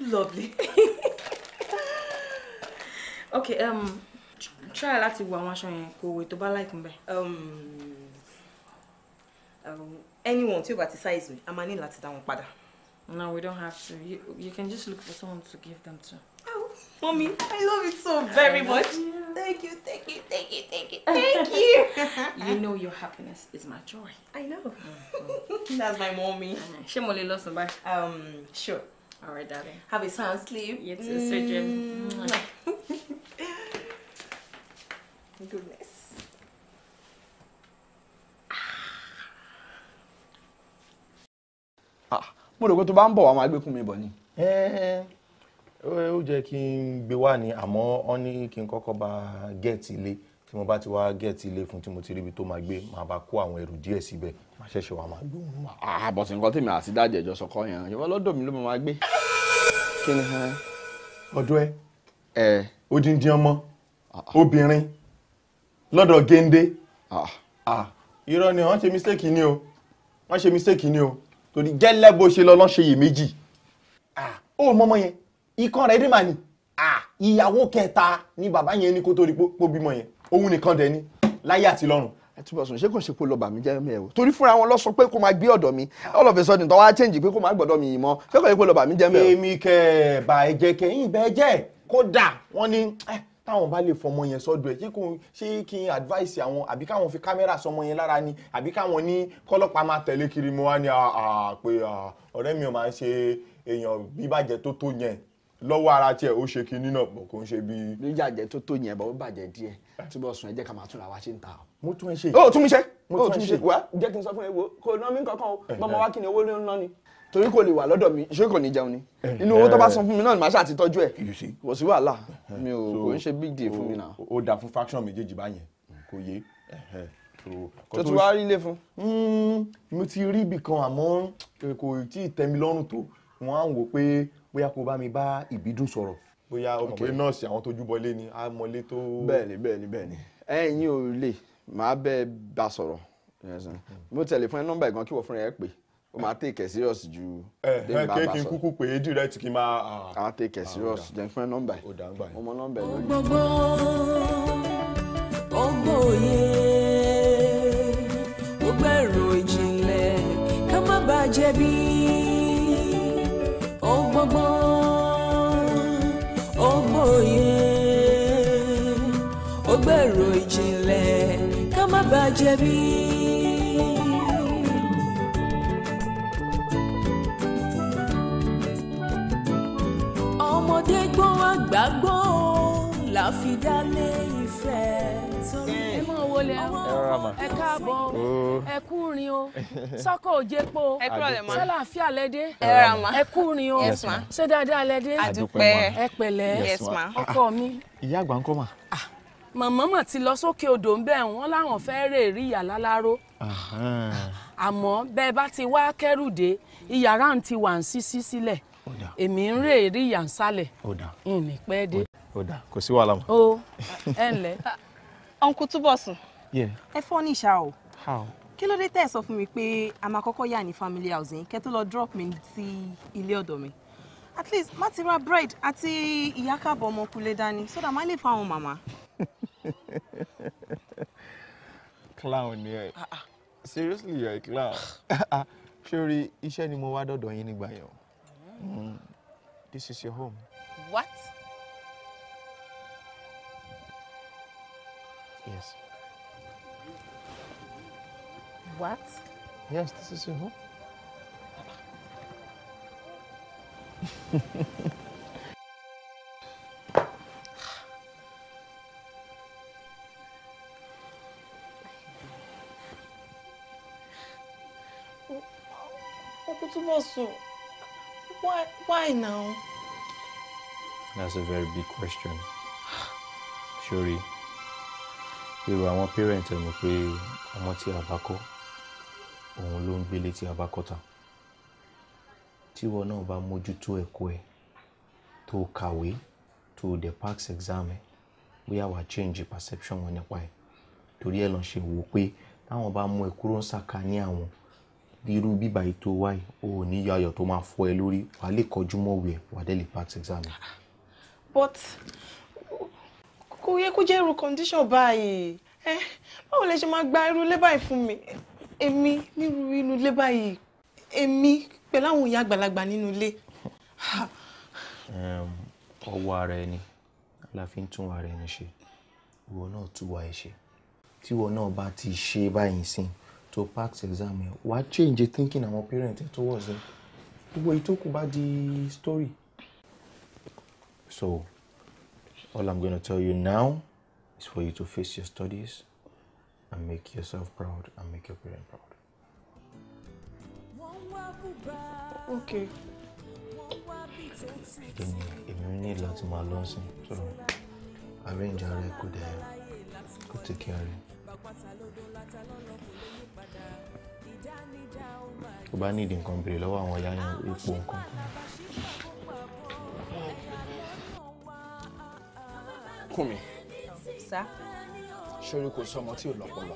Lovely. okay, um, try a wo àwọn aṣọ yẹn kó wo tó like nbe um um anyone tí ó bá ti size mi a máa ní láti dá wọn No, we don't have to. You, you can just look for someone to give them to. Oh, mommy, I love it so very much. You. Thank you, thank you, thank you, thank you, thank you. you know your happiness is my joy. I know. Mm-hmm. That's my mommy. She only loves somebody. Um, sure. All right, darling. Have a sound sleep. You too, mm-hmm. mo rò pé tó bá ń bọ̀ wá máa gbé kún mi bọ̀ ni. ó jẹ́ kí n gbé wá ni àmọ́ ọ ní kí n kọ́kọ́ bá gẹ̀ẹ́tì ilé tí mo bá ti wá gẹ̀ẹ́tì ilé fún tí mo ti ríbi tó máa gbé máa bá kó àwọn ẹrù díẹ̀ síbẹ̀ máa ṣẹ̀ṣẹ̀ wá máa gbé òun wá. àbọ̀sì ah, nǹkan tèmi àti dájẹ́ ìjọ sọkọ yẹn yọ̀wọ́ lọ́dọ̀ mi ló máa gbé. kí ni ọdún ẹ ẹ odindi ọmọ ah, ah. obìnrin lọ́dọ̀ géńdé irọ́ ni wọ́n ṣe mistake ni o wọ́n ṣe mistake ni o torí gẹ́lẹ́ bó ṣe lọ lọ́n ṣe iyèméjì ó mọ́mọ́ yẹn ikán rẹ̀ rí màní ìyàwó kẹta ni bàbá yẹn ní kó tó rí pó bímọ yẹn òun nìkan dẹ̀ ni láyé àti lọ́run àtúbọ̀sùn ṣé kò ṣe kó lọ bà mí jẹ́ mẹ́ o torí fúnra wọn lọ sọ pé kó máa gbé ọ̀dọ̀ mi all of a sudden tó wá change pé kó máa gbọ́dọ̀ mi yìí mọ́ ṣé kò ṣe kó lọ bà mí jẹ́ mẹ́ o. èmi kẹ bàjẹ́ kẹyìn bẹ́ẹ̀ jẹ́ kódà wọ́n ní eh, táwọn bá lè fọmọ yẹn sọ́dọ̀ ẹ̀ kí kò ṣe kí n advice àwọn àbí káwọn fi kámẹ́rà sọmọ yẹn lára ni àbí káwọn ní kọ́lọ́pàá máa tẹ̀lé kiri mo wá ah, ah, pé ah, ọ̀rẹ́ mi ò máa ń ṣe èèyàn bíbàjẹ́ tó tó yẹn lọ́wọ́ ara tiẹ̀ ó ṣe kinní náà bọ̀ kò ń ṣe bí. bíjàjẹ́ tó tó yẹn bọ̀ ó bàjẹ́ díẹ̀ túbọ̀ sùn ẹ jẹ́ ká máa túnra wá ṣe ń ta mo tún ẹ ṣe. ó tún mi ṣe. mo tún ẹ ṣe. wá jẹ́ kí n sọ fún ẹ wo kò ná mi kankan o bọ́mọ wá kí ni owó ló ń ná ni torí kò lè wà lọ́dọ̀ mi ṣé kò ní jẹun ni eh, inú owó tó bá eh. san fún mi náà ni màá ṣáà ti tọ́jú ẹ̀ kò sí wàhálà eh, mi ò kò ń ṣe big deal fún mi náà. ó dà fún faction méjèèjì báyẹn kò yé tó tún wá rí ilé fún. Hmm, mo ti rí ibì kan àmọ́ kò tí ì tẹ́mi lọ́rùn tó wọ́n á wò pé bóyá kó bá mi bá ìbídùn sọ̀rọ̀ bóyá ọmọ pé nọ́ọ̀sì àwọn tó júbọlé ni á mọlé tó. bẹ́ẹ̀ni bẹ́ẹ̀ni bẹ́ẹ̀ni ẹ̀yin ò lè máa bẹ bá sọ̀rọ̀ hmm. mo tẹlifóònù nọ́mbà ìgbọn kí wọ́n fúnra ẹ pè é ó máa take it serious ju dèmi bá bá sọ. kí n kúkú pé direct kí n máa. a ah. take it ah, serious jẹ́ fún ẹ nọ́mbà ẹ̀ ọmọ O ẹ̀ lórí. gbogbo ọgbọ òye ó gbẹ̀rù ìjìnlẹ̀ ká má bàa jẹ̀bi ọgbọgbọ ọgbọ òye ó gbẹ̀rù ká má bàa jẹ̀bi. ìdálé ìfẹ́ torí. ẹ mọ owó lẹ ẹ káàbọ̀ ẹ kú rin o sọkọ òjé po sálàáfíà lẹdẹ ẹ kú rin o ṣé dáadáa lẹdẹ ẹ pẹ̀lẹ́ ọkọ mi. ìyá àgbà ń kọ́ mà. Ah, màmá mà ti lọ sókè odò ń bẹ̀ wọ́n láwọn fẹ́ rè rí ìyá láláró àmọ́ bẹ́ẹ̀ bá ti wá kẹ́rù dé ìyàrá ń ti wà ń ṣí sí sílẹ̀ èmi ń rè rí ìyà ń sálẹ̀ ìní dé ó dà kò sí wàhálà mọ́. o ẹ ǹlẹ́ uncle Túbọ̀sùn ẹ fọ́ ní ìṣá o kí ló dé tẹ́ ẹ sọ fún mi pé a máa kọ́kọ́ yà ní family housing kẹ́ tó lọ drop mi sí ilé ọ̀dọ̀ mi at least má ti ra bread àti ìyákàbọ̀ ọmọkulé dání so that má lè fáwọn màmá. clown ni ẹ seriously you're a clown sórí iṣẹ́ ni mo wá dọ̀dọ̀ yín nígbà yẹn mm-hmm. mm. this is your home. what? Yes. What? Yes, this is your home. why, why now? That's a very big question. Shuri, irú àwọn parent ẹ̀ mọ̀ pé ọmọ tí a bá kọ́ òun ló ń gbélé tí a bá kọ́ tán tíwọ náà bá mójútó ẹ̀kọ́ ẹ̀ tó kàwé tó dẹ̀ pass exam ẹ̀ bóyá wàá change perception wọn nípa ẹ̀ torí ẹ̀ lọ́n ṣe wò pé táwọn bá mú ẹ kúrò ń sàkà ní àwọn irú bíbá ètò wáyé o ò ní yayọ̀ tó máa fọ́ ẹ lórí wàá lè kọjú mọ́ wẹ̀ wàá dẹ̀ lè pass exam ẹ̀. but kò yẹ kó jẹ́ irú condition báyìí ẹ eh, báwo lẹ ṣe máa gba irú ilé báyìí fún mi èmi nírú inú ilé báyìí èmi pẹ̀lú àwọn ìyá àgbàlagbà nínú ilé. ọwọ́ ara ẹni la ń tún ara ẹni ṣe ìwọ náà túwọ̀ ẹ ṣe tí ìwọ náà bá ti ṣe báyìí sìn tó pass exam yẹn wàá change thinking àwọn parents ẹ towards them gbogbo ìtókù bá di story so All I'm going to tell you now is for you to face your studies and make yourself proud and make your parents proud. Okay. Èmi èmi ní láti máa lọ sí so arrange ara ẹ kó dẹ kó take care rẹ. Tó bá nídìí nǹkan béèrè lọ́wọ́ àwọn ìyá yẹn epo nǹkan kan. kùn mí. sá. sori kò sọmọ tí ò lọ́pọlọ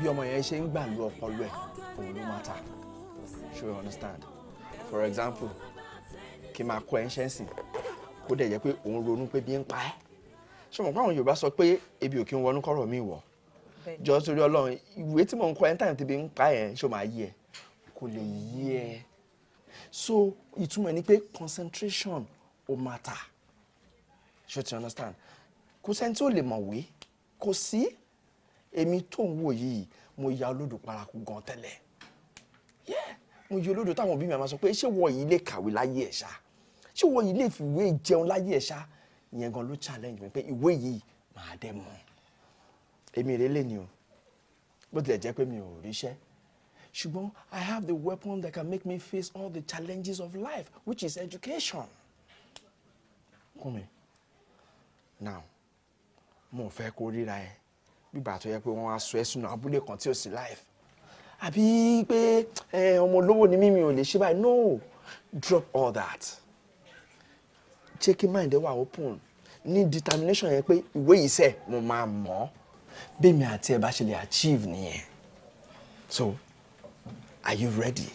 bí ọmọ yẹn ṣe ń gbà lu ọpọlọ ẹ òun ló máa ta ṣé you understand for example kí n máa kọ ẹ ń ṣẹ́sìn kó dẹ̀ jẹ́ pé òun ronú pé bí ń pa ẹ́ ṣé mo pa àwọn Yorùbá sọ pé ebi ò kí ń wọnú kọ́rọ̀ mi wọ̀ jọ torí Ọlọ́run ìwé tí mo ń kọ ẹ ń tàn tẹ́bi ń pa ẹ̀ ṣé o máa yí ẹ kò lè yí ẹ so ìtumọ̀ ẹ ni pé concentration ó máa ta ṣé o understand kò sẹ́ni tí ò lè mọ̀wé kò sí èmi tó ń wò yìí mo ya olódò paraku gan tẹ́lẹ̀ mo ya olódò táwọn òbí mi àmà sọ pé ṣé wọ yìí lè kàwé láyé ẹ̀ ṣá ṣé wọ yìí lè fi jẹun láyé ẹ̀ ṣá ìyẹn gan ló challenge mi pé ìwé yìí màá dẹ́ mọ́ èmi rẹ̀ lè ní o bó tilẹ̀ jẹ́ pé mi ò ríṣẹ́ ṣùgbọ́n I have the weapon that can make me face all the challenges of life which is education. Kúnmi now mo fẹ́ kó ríra ẹ bíbà tó yẹ pé wọ́n á sọ ẹ́ sínú abúlé kan tí ò sí life àbí pé ọmọ olówó ni mímí ò lè ṣe báyìí no drop all that checking mind ẹ wà open ní determination yẹn pé ìwé yìí sẹ mo máa mọ̀ ọ́ bẹ́ẹ̀mi àti ẹ bá ṣe lè achieve nìyẹn so are you ready.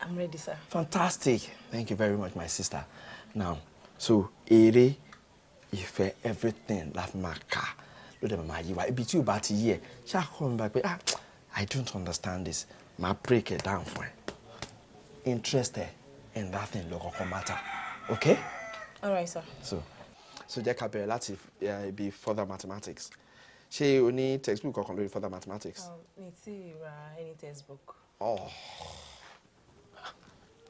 I'm ready, sir. Fantastic. Thank you very much, my sister. Now, so èrè ìfẹ́ everything la fi máa kà ló dẹ̀ máa yí wa ibi tí o bá ti yí ẹ ṣáà kọ́ bá pé ah I don't understand this máa break it down for ẹ interest ẹ in that thing ló kọ́kọ́ matter okay. all right sir. so so jẹ́ ká bẹ̀rẹ̀ láti eh, ibi further mathematics ṣé o ní textbook kankan lórí further mathematics. Um, mi ti ra any textbook. Oh.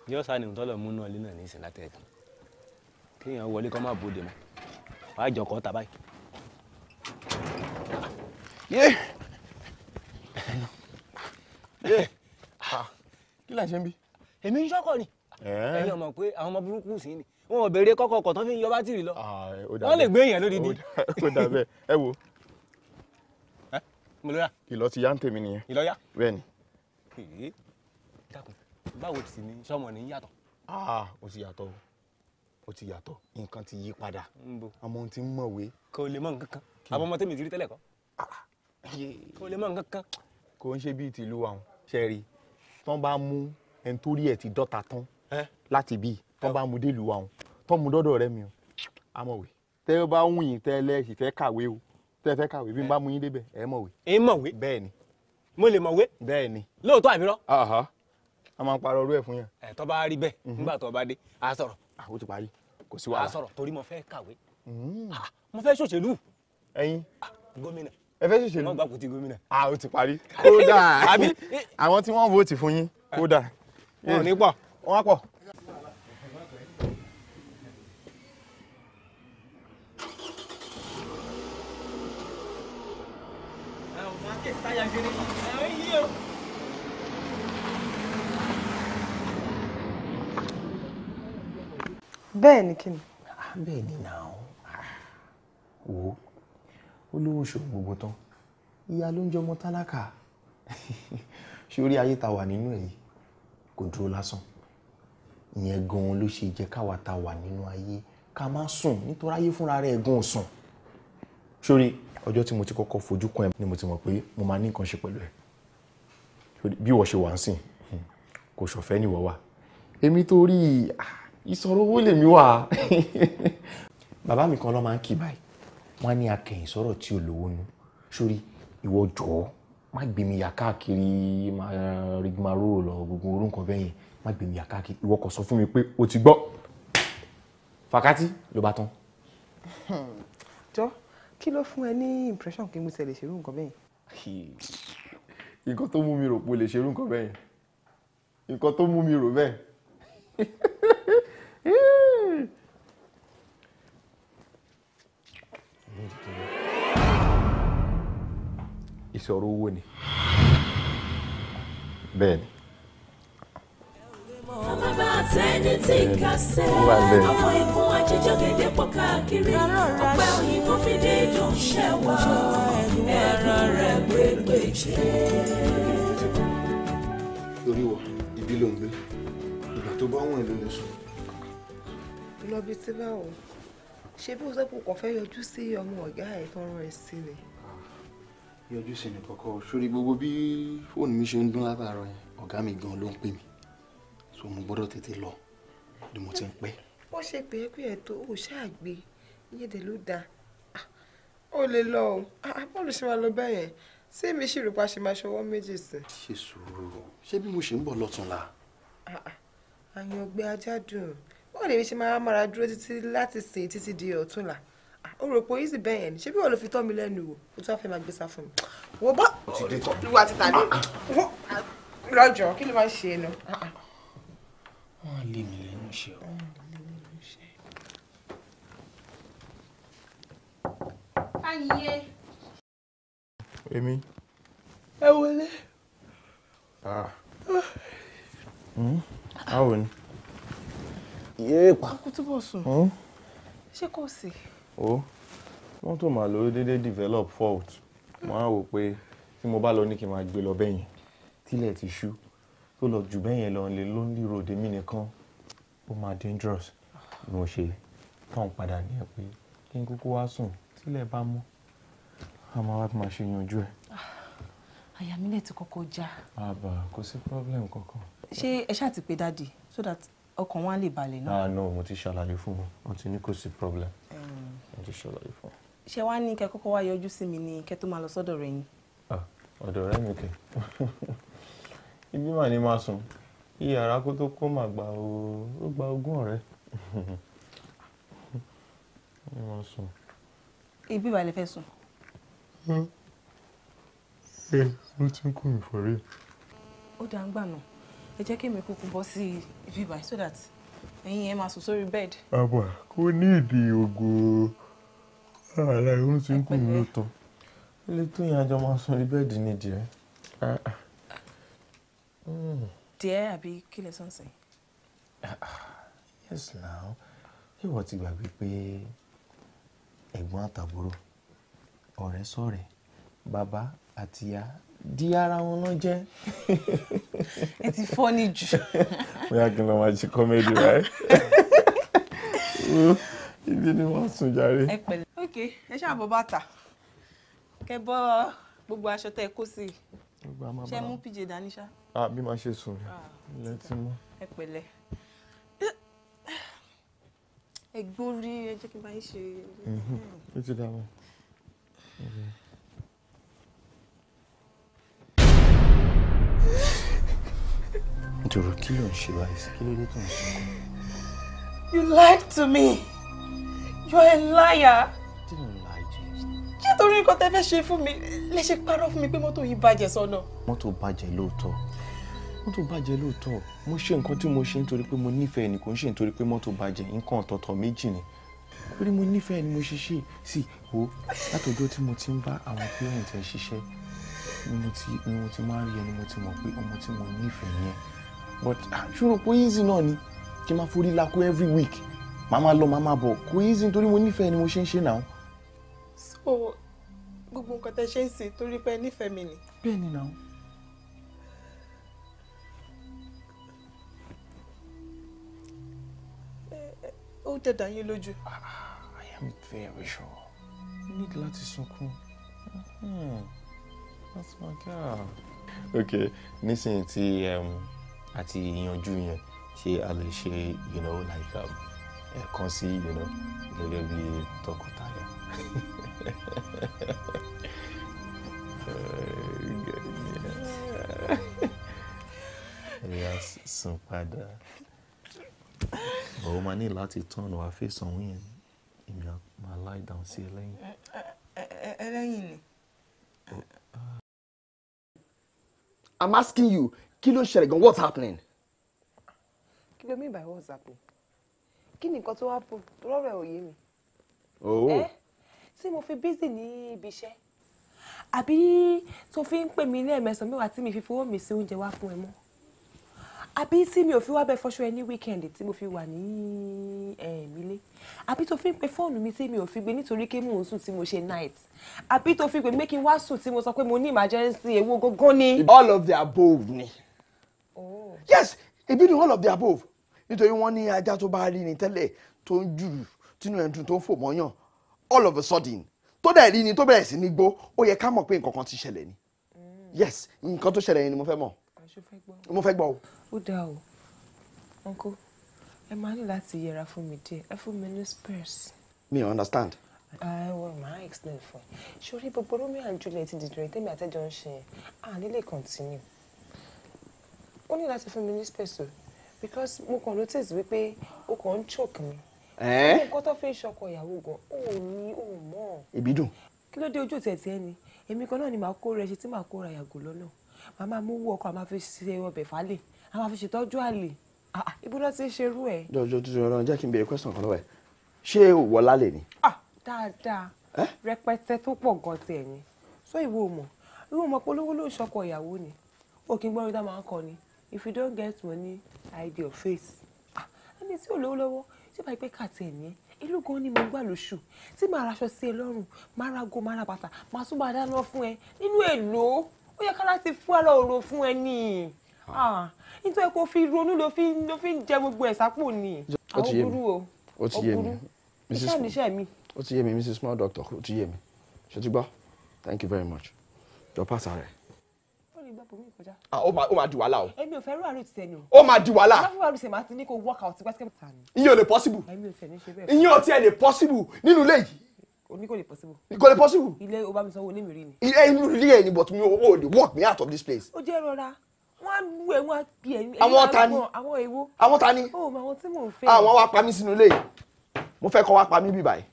yóò sá ni ntọ́lọ̀ múnú ọlẹ́ náà ní ìsìn látẹ̀kùn kéèyàn wọlé kó má bóde mọ́ wàá jọ kọ́ ta báyìí. kí là ń ṣe ń bí. èmi ń ṣọ́kọ̀ ni ẹ̀yin ọmọ pé àwọn ọmọ burúkú sí ni wọn ò béèrè kọ́kọ́ ọkọ̀ tán fi ń yọ bátìrì lọ ah, wọn lè gbé èèyàn lórí di. ó dà bẹ́ẹ̀ ẹ wo. mo lọ yà. ìlọ ti yá ń tèmi nìyẹn. ìlọ yá. bẹ́ẹ̀ ni. dákun báwo sì ni sọmọ ní yàtọ̀. Ah, ó sì yàtọ̀ o ó ti yàtọ̀ nǹkan ti yí padà ọmọ ohun ti ń mọ̀wé. kò lè mọ nǹkan kan àbọ̀ ọmọ tèmi ti rí tẹ́lẹ̀ kọ́ ah, ah, kò lè mọ nǹkan kan. kò ń ṣe bíi tìlú àwọn ṣẹ́ẹ̀rì tán bá mú ẹni tó rí ẹ̀ ti dọ́ta tán láti bíi tán bá mú délùú àwọn tán mú dọ́dọ̀ rẹ mi o amọ̀wé tẹ́ bá ń wùyìn tẹ́ lẹ́ sì fẹ́ kàwé o tẹ́ fẹ́ kàwé bí n bá mú yín débẹ̀ ẹ mọ̀wé. ẹ mọ̀wé bẹ́ẹ̀ ni. mo lè àwọn ah, ti parí kò sí wàhálà. a sọ̀rọ̀ torí mo fẹ́ kàwé hmm. ah, mo fẹ́ ṣòṣèlú. ẹ̀yin ah, gómìnà ẹ fẹ́ ṣòṣèlú. wọ́n gbà kò ti gómìnà. a ó ti parí kódà àwọn tí wọ́n vóòtì fún yín kódà. wọn ò ní eh, pọ̀ wọn á pọ̀. Tá, bẹ́ẹ̀ ni kí ni. Ah, bẹ́ẹ̀ ni náà ah, wo olówó ṣòro gbogbo tán ìyá ló ń jọmọ tálákà sórí ayé ta wà nínú èyí kò dúró lásán ìyẹn gan-an ló ṣe jẹ́ káwa ta wà nínú ayé ká má sùn nítorí ayé fúnra rẹ̀ gan-an sùn sórí ọjọ́ tí mo ti kọ́kọ́ fojú kan ẹ̀ ni mo ti mọ̀ pé mo máa ní nǹkan ṣe pẹ̀lú ẹ̀ bí ìwọ ṣe wà ń sìn kò ṣọ̀fẹ́ ni ìwọ wà èmi tó rí i ah, ìṣòro owó lèmi wà á bàbá mi kan ló máa ń kì báyìí wọ́n á ní akẹ́yìn sọ̀rọ̀ tí ò lówó nu sórí ìwọ jọ̀ọ́ má gbé mi yà káàkiri eh, rigmaro lọ gbogbo orúkọ bẹ́yìn má gbé mi yà káàkiri ìwọ kò sọ fún mi pé o ti gbọ́ fàkátì ló bá tán. jọ kí ló fún ẹ ní impression kí mo ṣe lè ṣerú nǹkan bẹ́yìn. nǹkan tó mú mi rò pé o lè ṣerú nǹkan bẹ́yìn nǹkan tó mú mi rò bẹ́ẹ̀. Mm. ìṣòro owó ni. bẹ́ẹ̀ni. ọmọ bá tẹni tí ká ṣe àwọn ikún àjẹjọ gèdè pọ̀ káàkiri ọpẹ́ òyìnbó fìdí dùn ṣẹwà ẹran rẹ gbégbé jẹ. lórí wọ ibi ló ń gbé ìgbà tó bá wọn ìlú lè sùn lọ bí tí bá wò ṣé bí o sọ pé o kàn fẹ́ yọjú sí ọmọ ọ̀gá ẹ̀ tó ń rán ẹ sí ni. yọjú sí ni kọ́kọ́ sórí gbogbo bí fóònù mi ṣe ń dún látàárọ̀ yẹn ọ̀gá mi gan ló ń pè mí so mo gbọ́dọ̀ tètè lọ ni mo ti ń pẹ́. ó ṣe pé ẹ pé ẹ tó o ṣáà gbé iye dè ló dáa ó lè lọ o bọ́ọ̀lù ṣe máa lọ bẹ́ẹ̀ yẹn sí mi ṣì rò pa ṣe máa ṣọwọ́ méjì sí. ṣe sùúrù ṣé bí mo ṣe ń bọ̀ lọ́tún la. àyàn ọgbẹ́ ajá dùn báwo lèmi ṣe máa mára dúró títí láti sìn títí di ọ̀túnla o rò pé oyinsi bẹ́ẹ̀ ni ṣé bí wọ́n ló fi tọ́ mi lẹ́nu wò o tún wá fẹ́ máa gbé sá fún mi. wo bá ìwà ti ní ah, ah. lọ́jọ́ kí ló máa ń ṣe é nu. wọ́n ah, á lé mi lẹ́nu ṣe o. ayé. èmi. ẹ wọlé. Hmm? báwo ni yéé pa. kókó túbọ̀ sùn ṣé kò sí. o mọ́tò màá lórí déédéé develop fault mo á wò pé tí mo bá lọ ní kí n máa gbé lọ bẹ́yìn tílẹ̀ ti ṣú tó lọ jù bẹ́yìn lọ lè lonely road èmi nìkan ó máa dangerous mo ṣe tán padà ní ẹ pé kí n kúkú wá sùn tílẹ̀ bá mọ́ a máa wá máa ṣe yanjú ẹ̀. Ah, àyà mi lè ti kọ́kọ́ já. àbà kò sí problem kankan. ṣé ẹ ṣáà ti pe dáàdì so that ọkàn wa lè balẹ̀ náà. ah no mo ti ṣàlàyé fún wọn wọn ti ní kò sí problem eh. mo ti ṣàlàyé fún wọn. ṣé wàá ní kẹ́ kọ́kọ́ wá yọjú sí mi ni kẹ́ tó máa lọ sọ́dọ̀ rẹ̀ yín. Ah, ọ̀dọ̀ rẹ̀ mi kẹ́ ibi mà ní máa sùn iyàrá kó tó kó mà gba ó gba ogún ọ̀rẹ́ ní máa sùn. ibi ìbàlẹ̀ fẹ́ sùn. ẹ hmm. ló eh, ti ń kún mi ó dáa ń gbà náà ẹ jẹ́ kí èmi kúkú bọ́ sí ibi báyìí so that ẹ̀yin yẹn máa sùn sórí bed. àbọ̀ kò ní ìdí ògùn ara ah, ẹ̀ ń sìn kù ló tán ilé tó yẹn àjọ máa sùn orí bẹ́ẹ̀dì ni díẹ̀. Ah, ah. Hmm. díẹ̀ àbí kí lè sọ̀n sìn. yes now ṣé ìwọ ti gbàgbé pé ẹ̀gbọ́n àtàbúrò ọ̀rẹ́ sọ̀rẹ́ bàbá àtìyá di ara wọn náà jẹ́. ẹ ti fọ́ ní jù. bóyá kí n lọ máa ṣe kọ́mẹ́dì rẹ̀ ibi ni wọ́n sùn jàre. ẹ pẹ̀lẹ́ ok ẹ ṣàbọ̀ bàtà kẹ bọ́ gbogbo aṣọ tẹ kó sí i ṣe mú pj dání ṣá. a bí máa ṣe sùn ilé tí mo. ẹ pẹ̀lẹ́ ẹ gbórí ẹ jẹ́ kí n bá yín ṣe. Mhm. ó ti dáa wọn. nítorí kí ló ń ṣe báyìí sí kí you lied to me you are a liar. didn't lie to you. ṣé torí nǹkan tẹ́ fẹ́ ṣe fún mi lè ṣe parọ́ fún mi pé mọ́tò yìí bàjẹ́ sọ́nà. mọ́tò bàjẹ́ lóòótọ́ mọ́tò bàjẹ́ lóòótọ́ mo ṣe nǹkan tí mo ṣe nítorí pé mo nífẹ̀ẹ́ ni kò ń ṣe nítorí pé mọ́tò bàjẹ́ nǹkan ọ̀tọ̀ọ̀tọ̀ méjì ni lórí mo nífẹ̀ẹ́ ni mo ṣe ṣe sí wo látọjọ́ tí mo ti ń bá àwọn parent ẹ̀ ṣiṣẹ́ ni mo ti máa ń rí ẹni mo ti mọ̀ pé ọmọ tí mo nífẹ̀ẹ́ yẹn but ah, ṣùgbọ́n kò easy náà ni kí n máa forí lako every week màá máa lọ màá máa bọ̀ kò easy mo nífẹ̀ẹ́ ni mo ṣe ń ṣe náà. so gbogbo nǹkan tẹ ṣe ń sìn torí pé nífẹ̀ẹ́ mi ni. bẹ́ẹ̀ ni náà. ó dẹ̀ dá yín lójú. Ah, ah, I am very sure. you need láti sunkún. Hmm, that's my girl. okay nísìnyí tí. Um, àti ìyanjú yẹn ṣé a lè ṣe you know like um, ẹ̀ẹ̀kan sí you know gẹ́gẹ́ bí tọkọtaya. ẹ̀yà sùn padà òun máa ní láti tọ́nà wá fèsì ọ̀hún yẹn èmi máa lie down sí ẹlẹ́yìn. ẹlẹ́yìn ni. Oh, uh. I'm asking you kí ló ń ṣẹlẹ̀ gan what's happening. kí ló mean by what's happening kí ni nǹkan tó wá fún lọ́rọ̀ ẹ̀ òye mi. Oh. ẹ tí mo fi bísí ní ibi iṣẹ́ àbí tó fi ń pè mí ní ẹ̀mẹ́sàn-án mẹ́wàá tí mi fi fowó mi sí oúnjẹ wá fún ẹ mọ́ àbí tí mi ò fi wá bẹ fọṣọ ẹ ní wíkẹ́ndì tí mo fi wà ní ilé àbí tó fi ń pe fóònù mi tí mi ò fi gbé nítorí pé mò ń sùn tí mo ṣe night àbí tó fi pè mí kí n wá sùn tí mo sọ pé mo ní emergency ewu gógó ni. all of the above ni yes ebi ni all of the above nítorí wọ́n ní ajá tó bá rí ni tẹ́lẹ̀ tó ń jù tínú ẹ̀ ń dùn tó ń fò mọ́yàn all of a sudden tó dẹ̀ rí ni tó bẹ̀rẹ̀ sí ní gbó ó yẹ ká mọ̀ pé nǹkan kan ti ṣẹlẹ̀ ni mm. yes nǹkan tó ṣẹlẹ̀ yẹn ni mo fẹ́ mọ̀ mo fẹ́ gbọ́ o. ó dáa o uncle ẹ máa ní láti yẹra fún mi díẹ̀ ẹ fún mi ní spares. mi ò understand. ẹ wọ màá explain fún ẹ sórí gbogbo romeo and juliet ti dìdìrẹ tèmi àtẹjọ ń ṣe à nílé continue ó ní láti fún mi ní space because mo kàn notice wípé o kàn ń choke mi. ẹ̀ẹ́n nǹkan tó fi ń ṣọkọ ìyàwó gan o ò ní o ò mọ̀. ìbídùn. kí ló dé ojú òtí ẹ̀tí ẹni èmi kan náà ni màá kó rẹ ṣe tí màá kó ra yàgò lọ́nà màá máa mú owó ọkọ àmà fi ṣe ọbẹ̀ falẹ̀ àmà fi ṣètọ́jú àlè ah, ah, ibi náà ti ń ṣerú ẹ̀. jọjọ tuntun Ọlọ́run jẹ́ kí n béèrè question kan lọ́wọ́ ẹ ṣé òwò lálẹ́ ni. ah dáadáa rẹpẹtẹ tó pọ̀ gan tiẹ̀ ni sọ ìwọ mọ̀ ìwọ mọ̀ polówó ló ń ṣọkọ ìyàwó ni òkè gbọ́n rí dá máa ń kọ ni if you don get money hide your face ah ẹni tí ò lówó lọ́wọ́ tí ó bá yẹ pé kàtí ẹ̀ ní ìlú gan ni mo gbà lóṣù tí màá raṣọ sí ẹ lọ́rùn màá rago màá ra bàtà màá tún bá dáná fún ẹ nínú èlò ó yẹ ká láti fún ara òro fún ẹ nìyí ah. ah, nítorí kò fi ronú ló fi ló fi ń jẹ gbogbo ẹ̀ sápò nìyí àwọn burú o ó ti yé mi iṣẹ́ níṣẹ́ ó ti yé mi mrs small doctor ó ti yé mi ṣe ti gbọ́ thank you very much Your pass rẹ̀ bomi kọjá. Ah, ó máa ó máa di wàhálà o. èmi ò fẹ́ rú àrùn ìtẹ̀nu. ó máa di wàhálà. láti rú àrùn ìtẹ̀nu máa ti ní kó work out pẹ́sẹ́ ta ni. iye ò lè possible. èmi ò tiẹ̀ ní ṣe bẹ́ẹ̀. iye ò tiẹ̀ lè possible nínú ilé yìí. omi kò lè possible. kò lè possible. ilé o bá mi sanwó onímìrì ni. ilé inú ilé yẹn ni but mi ò lè work me out of this place. ó jẹ́ rọra wọ́n lu ẹ̀ wọ́n bí ẹ̀ àwọn ta ni àwọn èwo. àwọn ta ni. ó mọ àwọn tí mò ń fẹ́. àwọn ah, wa pa mí sínú ilé yìí mo fẹ́ kọ́ wa pa mí bíbáyìí.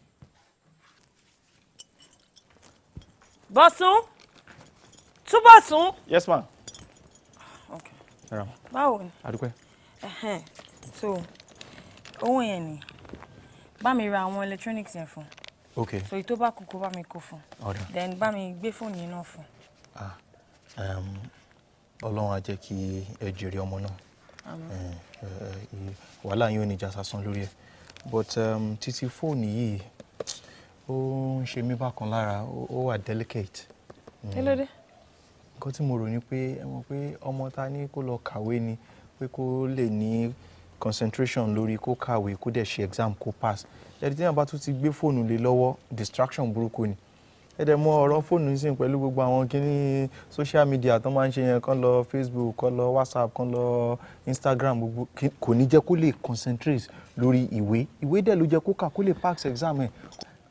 bọ́sùn túbọ̀ sún. yes ma'am. ma. báwo ni. àdúgbò. so owó yẹn ni bá mi ra àwọn electronics yẹn fún. ok so èyí tó bá kú bá mi kó fún. ọ̀dà then bá mi gbé fóònù yẹn náà fún. Ah, um, ọlọ́run á jẹ́ kí ẹ jèrè ọmọ náà eh, eh, wàhálà yóò ní sásán lórí ẹ but um, títí fóònù yìí ó ń ṣe mí bákan lára ó wà delicate. Hmm. kí ló Mm nǹkan tí mo rò ni pé ẹ mọ̀ pé ọmọ ta ní kó lọ kàwé ni pé kó lè ní concentration lórí kó kàwé kó dẹ̀ ṣe exam kó pass ẹni tí yàn bá tún ti gbé fóònù lé lọ́wọ́ distraction burúkú ni ẹ̀dẹ̀ mọ ọ̀rọ̀ fóònù nísìnyí pẹ̀lú gbogbo àwọn kíní social media tó máa ń ṣe yẹn kán lọ facebook kán lọ whatsapp kán lọ instagram gbogbo kò ní jẹ́ kó lè concentrate lórí ìwé ìwé dẹ̀ ló jẹ́ kó kà kó lè pass exam ẹ̀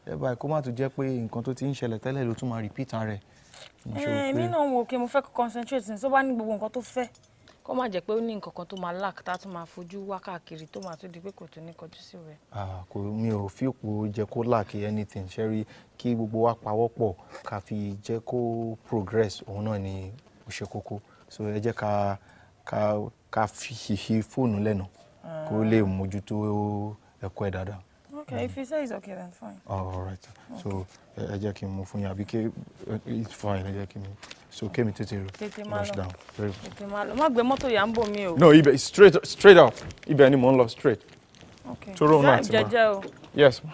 ẹ̀ báyìí kó má tún jẹ́ pé nǹkan tó ti ń ṣẹlẹ̀ tẹ́lẹ̀ ló tún máa repeat ara ẹ̀ Eh, èmi náà wò kí mo fẹ́ kó concentrate ní tó bá ní gbogbo nǹkan tó fẹ́ kó má jẹ́ pé ó ní nǹkan kan tó máa lack tá a tún máa fojú wá káàkiri tó máa tún di pé kò tún ní kọjú sí rẹ̀. kò mi ò fi òpó jẹ́ kó lack anything ṣẹ́rí kí gbogbo wa pawọ́pọ̀ ká fi jẹ́ kó progress òun náà ni ó ṣe kókó so ẹ jẹ́ ká ká ká fi fóònù lẹ́nu kó lè mójútó ẹ̀kọ́ ẹ̀ dáadáa. Okay, mm. if he says okay, then fine. Oh, all right. Okay. So, I just came n mú fún it's fine, I just came. n mú. So, Kẹ́mi tètè rush down. Tètè máa lọ. Má gbé o. No, ibẹ̀ straight straight up. Ibẹ̀ any mò ń straight. Okay. Tóró náà ti Yes. Ma.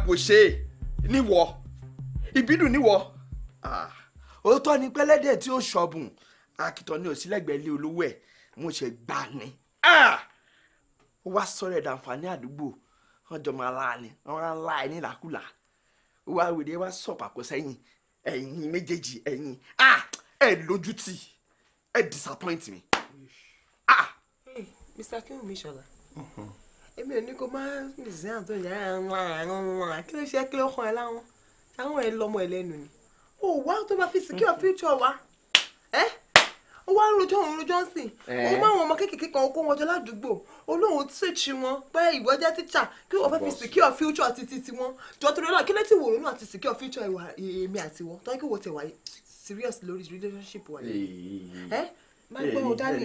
àpòṣe níwọ ìbídùn níwọ ah, òótọ́ ni pẹ́lẹ́dẹ̀ tí ó ṣọ̀bùn akitan ní òsínlẹ̀gbẹ́ ilé olówó ẹ̀ mo ṣe gbà ni ah, ó wá sọ̀rọ̀ ẹ̀dá àǹfààní àdúgbò wọ́n jọ máa la ni wọ́n máa la ẹ̀ nílàkulà ó wá wèrè wá sọ̀pà kó sẹ́yìn ẹ̀yin méjèèjì ẹ̀yin ah, ẹ̀ lójú ẹ̀ disappoint mi. Mr. Kí omi Mm-hmm èmi ò ní kó má mìsíàn tó yàrá ah, kí ló ṣe kí ló kàn ẹ́ láwọn táwọn ẹ̀ lọ́mọ ẹ̀ lẹ́nu ni ó wá tó bá fi secure future wa ẹ́ ó wá ń rojọ́ òun rojọ́ sí òun máa wọn ọmọ kéékèèké kan kó wọn jọ ládùúgbò olóhùn tíṣì wọn pé ìwọ jẹ́ tíṣà kí wọ́n fẹ́ fi secure future títí tiwọn jọ torí náà kí lẹ́tì wòrò náà ti secure future èmi àti wọn tọ́jú kí wọ́n tẹ̀ wáyé serious lórí relationship wa yìí ẹ́ máa gbọ́ ọ dání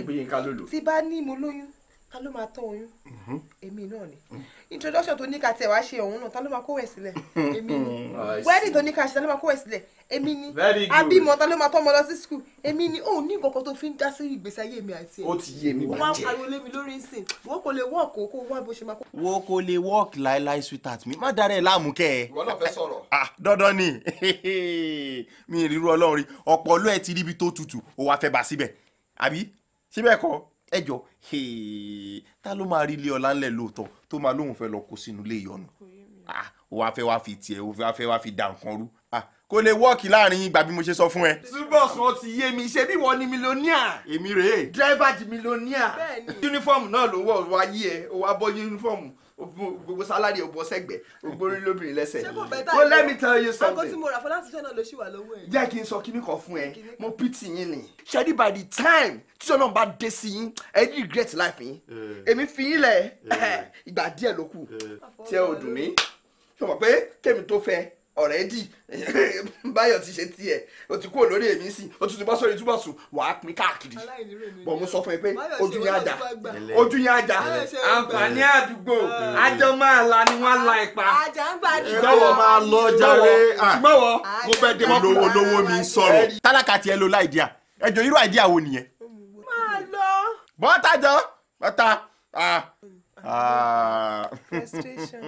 tí bá ní mo lóyún ta ló máa tọ́ oyún mm-hmm. èmi náà ni introduction tó ní ká tẹ̀ wá ṣe òun náà ta ló máa kó wẹ̀ sílẹ̀ èmi ni mm, wedding tó ní ká ṣe ta ló máa kó wẹ̀ sílẹ̀ èmi ni abímọ ta ló máa tọ́ ọmọ lọ sí school èmi ni òun ní nǹkan tó fi ń dá sí ìgbésí ayé mi àti ẹ̀. ó ti yé mi wá jẹ́ wọ́n á pariwo lé mi lórí ìsìn wọ́n kò lè work o kó wá bó ṣe máa kó. wo kò lè work láíláí sweetheart mi má dára ẹ láàmú kẹ ẹ. ìwọ náà fẹ́ sọ̀rọ̀. ah dandan ni mi ìrírú ọlọ́run rí ọ̀pọ̀ ọlọ́ ẹ ti ríbi tó tutù ó wàá fẹ́ bá síbẹ̀ àbí síbẹ̀ kọ́ ẹjọ́ ta ló máa rí ilé ọlá ńlẹ̀ lóòótọ́ tó máa lóun fẹ́ lọ kó sínú ilé ìyọnu ah, ó wá fẹ́ wá fi tiẹ̀ ó fẹ́ wá fi dà nǹkan rú ah, kò lè wọ́ọ̀kì láàrin ìgbà bí mo ṣe sọ fún ẹ. túbọ̀sùn ó ti yé mi ṣe bí wọ́n ní mílíọ̀nìà. èmi rèé. dírẹ́fà di mílíọ̀nìà. bẹ́ẹ̀ni. yúnífọ̀mù náà ló wọ̀ wá yí ó wá bọ́ yúnífọ̀mù gbogbo sálárì ò bọ́ sẹ́gbẹ̀ gbogbo lóbìnrin lẹ́sẹ̀. well let me tell you something. àkọ́tí mo rà fọlá ṣiṣẹ́ náà ló ṣì lọ́wọ́ ẹ̀. jẹ́ kí n sọ kíní kan fún ẹ mo pity yín ni. ṣẹ́ni by the time tíṣọ́ náà bá dé sí yín ẹ ní regret life yín eh. èmi fi yín lẹ̀ eh. ìgbà díẹ̀ ló kù eh. tí ẹ ò dùn mí ṣọ̀pọ̀ pé kémi tó fẹ́ ọ̀rẹ́dì báyọ̀ ti ṣe tiẹ̀ o ti kúrò lórí èmi sí o tún ti bọ́ sórí túbọ̀sùn wàá pín káàkiri bọ̀ mo sọ fún ẹ pé ojú yẹn àjà ojú yẹn àjà àǹfààní àdúgbò àjọ máa la ni wọ́n la ipa ìgbọ́wọ́ máa lọ járe ìgbọ́wọ́ ah, mo fẹ́ dé mọ́ lówó lówó mi sọ̀rọ̀ tálákà tiẹ̀ lo láìdíà ẹjọ́ irú àìdíà wo nìyẹn. máa lọ. bọ́tà jọ bọ́tà. Ah. Ah. frustration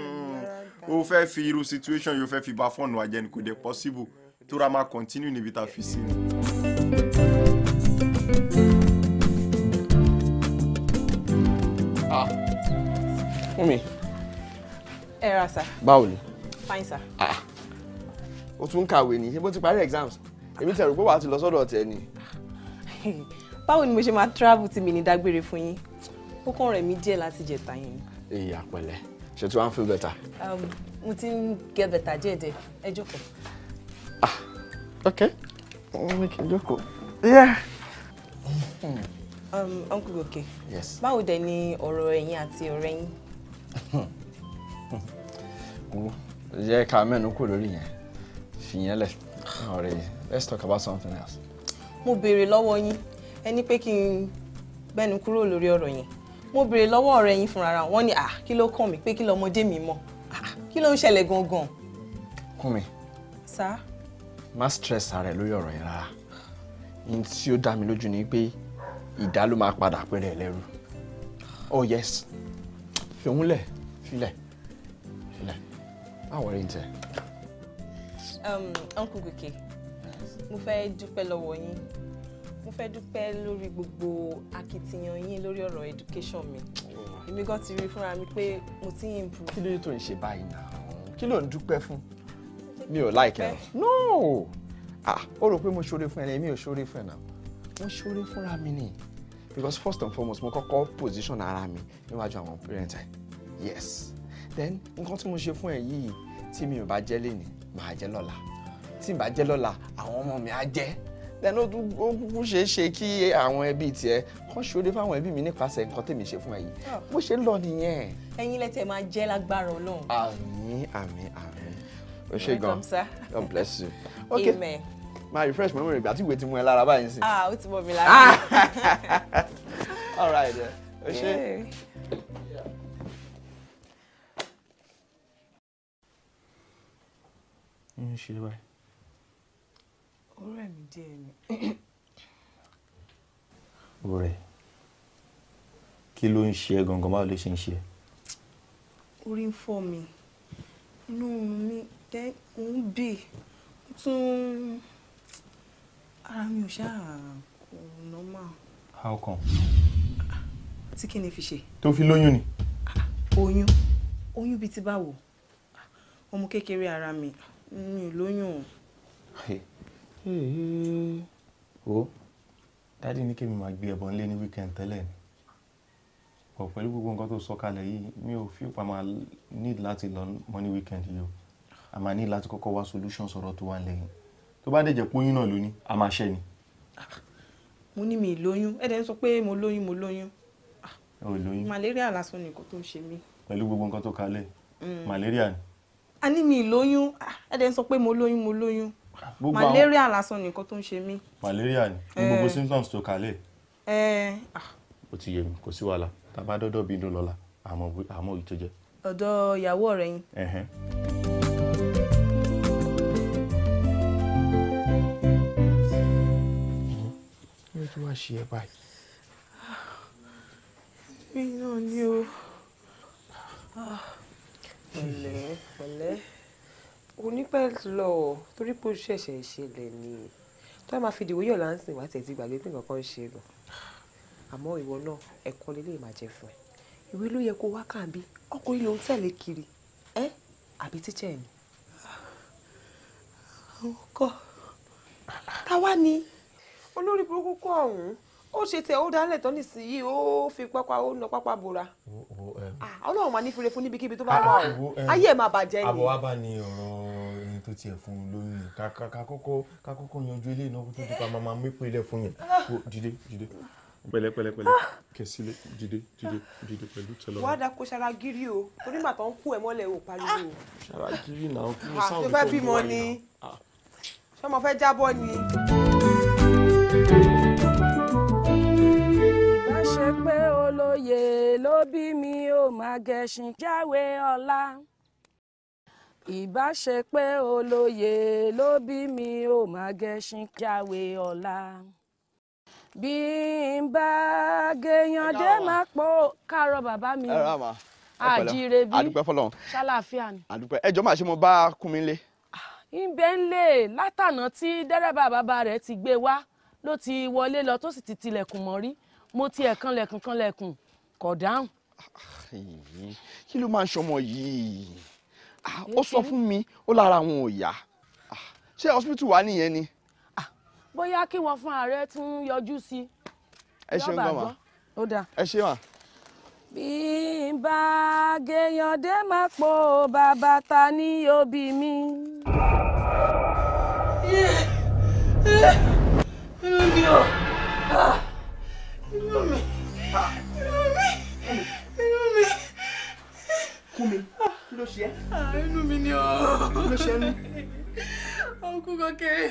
o fẹ́ fi irú situation yóò fẹ́ fi ba fọ́ọ̀nù wa jẹ́ ni kò dé possible tó máa continue níbi tá a fi sí ni. Ah. Mummy. Ẹ ra sir. Báwo ni? Fine sir. Ah. O tún kàwé ni, ṣé bó ti parí exams? Èmi ti rò pé wàá ti lọ sọ́dọ̀ tẹ̀ ni. Báwo ni mo ṣe máa travel tí mi ní dágbére fún yín? Ó kàn rẹ̀ mí díẹ̀ láti jẹ̀ta yẹn. Èyí àpẹẹlẹ ṣe tí wàá feel better. Um, mo ti ń get better díẹ̀díẹ̀ ẹ jókòó. ah ok wọ́n ní kí n jókòó. Um, uncle Gòkè báwo dẹ̀ ni ọ̀rọ̀ ẹ̀yin àti ọ̀rẹ́ yín. wo yẹ ká mẹ́nu kúrò lórí yẹn fìyẹn lẹ̀ ọ̀rẹ́ yẹn let's talk about something else. mo béèrè lọ́wọ́ yín ẹ ní pé kí n bẹ́nu kúrò lórí ọ̀rọ̀ yẹn mo béèrè lọ́wọ́ ọ̀rẹ́ yín fúnra ra wọn ni ah kí ló kàn mí pé kí lọmọdé mi mọ̀ ah kí ló ń ṣẹlẹ̀ gangan. Kúnmi. sá. má stress ara ẹ lórí ọ̀rọ̀ yẹn rárá ní tí ó dá mi lójú ni pé ìdá ló máa padà pẹ́rẹ́ ẹlẹ́rú oh yes fi òun lẹ̀ filẹ̀ filẹ̀ má wọrí ní tẹ. uncle Gòkè mo fẹ́ dúpẹ́ lọ́wọ́ yín mo fẹ́ dúpẹ́ lórí gbogbo akitiyan yín lórí ọ̀rọ̀ education mi èmi gan ti rí fúnra mi pé mo ti ń improve. kí ló yẹ tó ń ṣe báyìí náà kí ló ń dúpẹ́ fún mi ò like ẹ no ah ó rò pé mo ṣoore fún ẹ èmi ò ṣoore fún ẹ náà mo ṣoore fúnra mi ni because first and foremost mo kọ́kọ́ position ara mi níwájú àwọn parent ẹ yes then nǹkan tí mo ṣe fún ẹ yìí tí mi ò bá jẹ́ lénìí màá jẹ́ lọ́la tí mi bá jẹ́ lọ́la àwọn ọmọ mi á jẹ́ then ó kúkú ṣeé ṣe kí àwọn ẹbí tiẹ̀ kàn ṣoore fáwọn ẹbí mi nípasẹ̀ nǹkan tèmi ṣe fún ẹ yìí ah. bó ṣe ń lọ nìyẹn. ẹ̀yin lẹtẹ máa jẹ lágbára Ọlọ́run. àmín àmín àmín o ṣe gan God bless you. okay Amen. my refresh my memory ìgbà tí ìwé ti mú ẹ lára báyìí sí. ah ó ti mọ mi lára. all right o ṣe. ń ṣe báyìí ó rẹ̀ mí díẹ̀ ni. rẹ̀ kí ló ń ṣe ẹ́ gangan báwo ló ṣe ń ṣe ẹ́. orí ń fọ́ mi inú mi tẹ́ ń bì tún ara mi ò ṣáà kò normal. how come. tí kí ni fi ṣe. tó fi lóyún ni. oyún oyún bíi ti báwo ọmọ kékeré ara mi mi ò lóyún o wo dádì ní kémi máa gbé ẹbọ nílé ní weekend tẹ́lẹ̀ ni pọ̀ pẹ̀lú gbogbo nǹkan tó sọ kalẹ̀ yìí mi ò fi pa máa need láti lọ mọ́ ní weekend yìí o a máa need láti kọ́kọ́ wá solution sọ̀rọ̀ tó wà lẹ́yìn tó bá dẹ̀jẹ̀ pọ́yún náà lóní a máa ṣẹ́ ni. mo ní mi lóyún ẹ dẹ̀ ń sọ pé mo lóyún mo lóyún. Ah, o lóyún malaria lásán ni nǹkan tó ń ṣe mí. pẹ̀lú gbogbo nǹkan tó kalẹ̀ mm. malaria ni. a ní mi lóyún ah, ẹ dẹ̀ ń sọ pé mo lóyún mo lóyún malaria lásán ni nǹkan tó ń ṣe mí. malaria ni ní gbogbo eh. symptoms tó kálẹ̀. Eh, ah. ó ti yé mi kò sí wàhálà tá a bá dọ́dọ̀ bí dùn lọ́la àmọ́ òyì tó jẹ. ọ̀dọ̀ ìyàwó rẹ̀ yín. mi ò tún wá ṣe ẹ báyìí. mi náà ni o. Ah. pẹ̀lẹ́ pẹ̀lẹ́ onípẹ́ lọ torí pé ó ṣẹ̀ṣẹ̀ ṣẹlẹ̀ ni tó a máa fi dìwọ́ yọ̀ láǹsìn wá tẹ̀ ti gbàgbé pé nǹkan kan ń ṣe gan àmọ́ ìwọ náà ẹ̀kọ́ lélẹ̀ ìmà jẹ fún ẹ ìwé ló yẹ kó wá kàbí ọkùnrin ló ń tẹ̀lé kiri ẹ àbí tíṣẹ̀ mi. àwọn kọ́ táwa ni olórí burúkú kọ́ ọ̀hún ó ṣe tẹ ó dálẹ̀ tán nísìnyí ó fi pápá ó na pápá bora ah, ọlọ́run máa ní fure fún níbikíbi tó bá wà ó ayé ẹ̀ máa bàjẹ́ ni. àbọ̀ wá bá ní ọ̀rọ̀ tó tiẹ̀ fún un lóyún ká kọ́kọ́ yanjú ilé ìnáwó tó dùn ká máa mépele fún yẹn dìde dìde pẹ̀lẹ́ pẹ̀lẹ́ pẹ̀lẹ́ ah! kẹsílẹ̀ dìde dìde dìde pẹ̀lú tẹlọ. wàá dako ṣaragiri o onígbà tó kú ẹ mọ́lẹ̀ o pariwo. Ah! ṣaragiri náà kí mo ah, sáwọn tó fẹ́ bímọ ni ṣọmọ fẹ́ jábọ́ ni. ìbáṣepẹ́ olóye ló bí mi ó máa gẹ̀ṣin jáwé ọlá ìbáṣe pé olóye ló bí mi ò máa gẹṣin jáwé ọ̀la bí n bá gèèyàn dé máa pọ̀ káàárọ̀ bàbá mi àjíire bí ṣàlàáfíà ni. àdúpẹ́ ẹjọ́ máa ṣe mo bá Kúnmilé. ìbẹ́ ń lè látànà tí dẹ́rẹ́bà bàbá rẹ̀ ti gbé wá ló ti wọlé lọ tó sì ti tilẹ̀kùn mọ́rí mo tiẹ̀ kanlẹ̀kùn kanlẹ̀kùn kò dáhùn. Ah, kí ló máa ń ṣọmọ yìí Ah, ó sọ fún mi ó lára àwọn òòyà ah, ṣé hospital wà nìyẹn ni. Ah, bóyá kí wọn fún ààrẹ tún yọjú sí. ẹ ṣeun gan ma ó dáa ẹ ṣe wà. bí n bá gèèyàn dé máa po bàbá ta ní òbí mi. inú mi ò inú mi inú mi inú mi. kú ló ṣe ẹ́. Ah, inú mi ni ọ́. kí ló ṣe ẹ́ nú. ọkùn kọkẹrẹ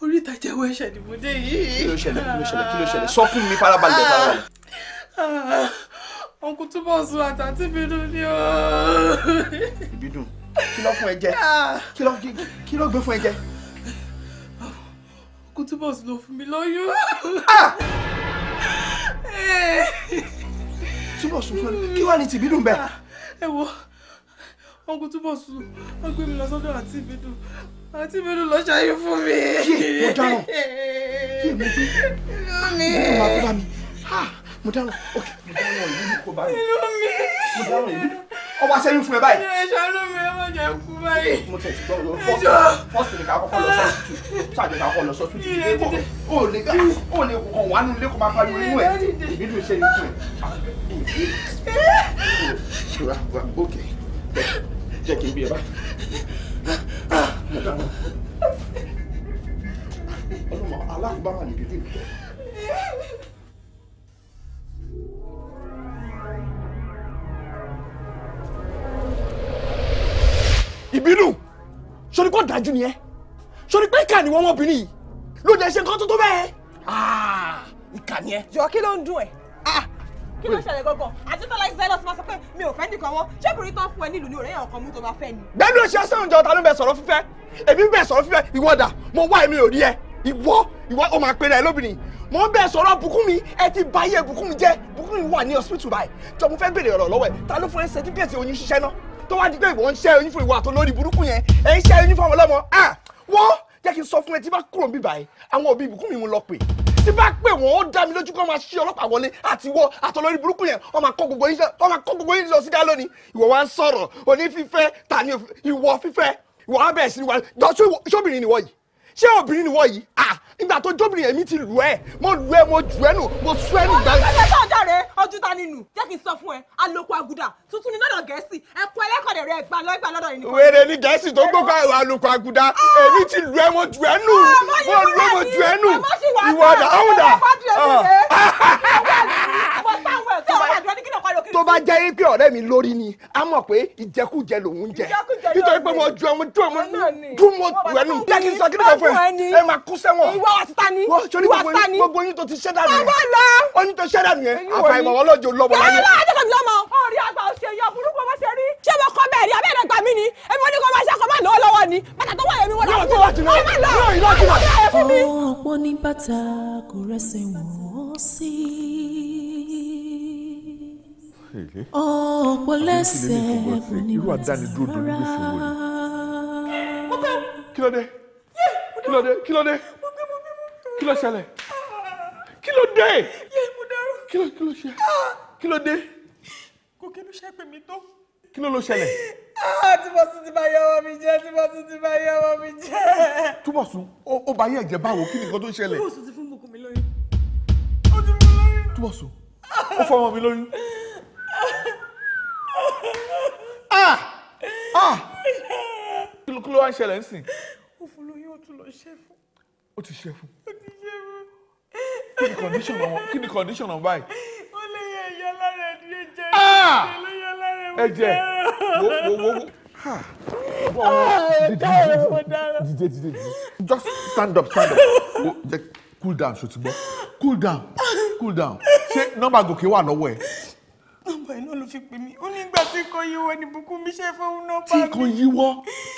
orí ìtajà ẹwọ ẹ̀ṣẹ̀ ni mo dé yìí. kí ló ṣẹlẹ̀ kí ló ṣẹlẹ̀ kí ló ṣẹlẹ̀ sọ fún mi farabalẹ̀ ah, farabalẹ̀. ọkùn túbọ̀ sun àtàtì mi nù ni ọ́. ìbídùn kí ló fún ẹ jẹ ah. kí ló gbé fún ẹ jẹ. ọkùn túbọ̀ sun ló fún mi lóyún eh. túbọ̀ sùn fún ẹ kí wàá ní tìbí dùn bẹ́ẹ̀. ẹ wo ọkùn túbọ̀ sùn wọ́n gbé mi lọ sọ́dọ̀ àti ìbídùn àti ìbídùn lọ ṣayé fún mi. mo dáràn kí èmi bí mi kò máa kó bá mi mo dáràn ok mo dáràn ìlú mi kò bá mi mo dáràn ìlú mi ọwọ́ aṣẹ́yìn fún ẹ báyìí. ẹ ṣàánú mi ẹ má jẹ́ kú báyìí. mo tẹ̀ sí lọ fọ́ọ̀sì ah. ní ká kọ́kọ́ lọ sọ́ọ̀tù ṣáàjọ ká kọ́ lọ sọ́ọ̀tù ti ilé kọ́ ó lè ká ó lè kọ́ wà nínú ilé máa pariwo inú ẹ̀ ìbídùn ṣe ní fún ẹ. Eh. ok jẹ́ kí n bí ẹ e bá. ọlọ́mọ aláàbára nìkan tí mi tọ́. ìbínú sori kò dájú ni ẹ sori pé ìkà ni wọn ọmọbìnrin yìí ló jẹ ṣe nǹkan tó bẹ́ẹ̀ ah, ìkà ẹ. jọ kí ló ń dún ẹ kí ló ṣẹlẹ̀ gangan àti tọ́lá ìsẹ́lẹ̀ ọ̀sán máa sọ pé mi ò fẹ́ nìkan wọn ṣébùrì tán fún ẹ nílùú ní òrẹ́yìn ọkàn mú tó bá fẹ́ ni. bẹ́ẹ̀ni o ṣe sẹ́yìn jọ ta ló ń bẹ sọ̀rọ̀ fífẹ́ èmi ń bẹ sọ̀rọ̀ fífẹ́ ìwọ dà mo wá èmi ò rí ẹ ìwọ ìwọ o máa pe rẹ lóbìnrin mo ń bẹ sọ̀rọ̀ bùkún mi ẹ ti ba iye bùkún mi jẹ́ bùkún mi wà ní hospital báyìí jọ mo fẹ́ béèrè ọ̀rọ̀ lọ́wọ́ ẹ ta ló fún ẹ sẹ́tífíkẹ́tì oyún ṣiṣẹ́ náà tó wá di pé ìwọ ń ṣẹ́ oyún fún ìwọ àtọ́ lórí burúkú yẹn ẹ ń ṣẹ́ oyún fún ọmọ ọlọ́mọ ah wọ́n jẹ́ kí n sọ fún ẹ tí bá kúrò ń bíbáyìí àwọn òbí bùkún mi mú lọ tí bá pè wọ́n ó dá mi lójú kó máa ṣí ọlọ́pàá wọlé àti wọ àtọlórí burúkú yẹn wọ́n máa kó gbogbo yín wọ́n máa kó gbogbo yín lọ sí dá lónìí ìwọ wa ń sọ̀rọ̀ oní fífẹ́ tani ìwọ fífẹ́ ìwọ abẹ́ sí wa jọ sóbìnrin ni wọ́n yìí ṣé obìnrin ni wọ́n yìí ah ìgbà tó jóbìnrin èmi ti lù ẹ́ mo lù ẹ́ mo jù ẹ́ nù mo sú ẹ́ nù gbà. ọjọ́ ìjọba ọjà rẹ̀ ojú ta nínú jẹ́ kí n sọ fún ẹ àlòkù àgùdà tuntun ní lọ́dọ̀ gẹ̀ẹ́sì ẹ̀kọ́ ẹlẹ́kọ̀ọ́dẹ̀ rẹ̀ gbà lọ́gbà lọ́dọ̀ yìí. wèrè ni gẹ̀ẹ́sì tó gbogbo àlòkù àgùdà ah! èmi ti lù ẹ́ mo jù ẹ́ nù ah, mo lù ẹ́ mo jù ẹ́ nù ìwọ tó bá jẹ́ yín pé ọ̀rẹ́ mi lórí ni a mọ̀ pé ìjẹkújẹ lòun jẹ nítorí pé mo ju ọmọ ju ọmọ dún mo tù ẹnu jẹ́ kí n sọ kí n sọ fún ẹ máa kú sẹ́wọ̀n ìwọ àtàní ìwọ àtàní gbogbo yín tó ti ṣẹ́ dànù yẹn oyún tó ṣẹ́ dànù yẹn àfàìmọ̀ wọn lọ́jọ́ láyé. ọ̀rẹ́ àgbà òṣè yẹn mi ọ̀pọ̀ lẹ́sẹ̀ kò ní mọ̀ sí rárá. kí ló dé kí ló dé kí ló dé kí ló ṣẹlẹ̀ kí ló dé kí ló kí ló ṣe ah! kí ló dé. kò kí ló ṣe pè mí tó. kí ló ló ṣẹlẹ̀. Ah, túbọ̀sùn ti bá yẹ ọmọ mi jẹ́ túbọ̀sùn ti bá yẹ ọmọ mi jẹ́. túbọ̀sùn ó bá yẹ ẹ̀jẹ̀ báwo kí ni nǹkan tó ṣẹlẹ̀. túbọ̀sùn ti fún bùkún mi lóyún. ó ti fún mi lóyún. túbọ̀sùn ó fọ ọmọ mi lóyún ah ah kí ló wá ń ṣẹlẹ̀ ń sìn. òfin lóyún ó tún lọ ṣẹ́ fún. ó ti ṣẹ́ fún. ó ti ṣẹ́ fún. kí ni condition ọmọ kí ni condition ọmọ báyìí. ó lè yẹ ẹ̀yà lára ẹni ẹ̀jẹ̀ ẹ̀jẹ̀ ah! ló yẹ lára ẹ̀wọ̀n jẹ́. ẹ̀jẹ̀ wo wo wo. Dìde dìde dìde. Just stand up stand up. Cool down ṣòtúbọ̀. Cool down cool down. Ṣé nọ́mbà gòkè wà lọ́wọ́ ẹ̀? nọ́mbà iná ló fi pè mí ó ní ìgbà tí kò yíwọ ní bùkún mi ṣe fóun nọ́mbà mi. tí kò yíwọ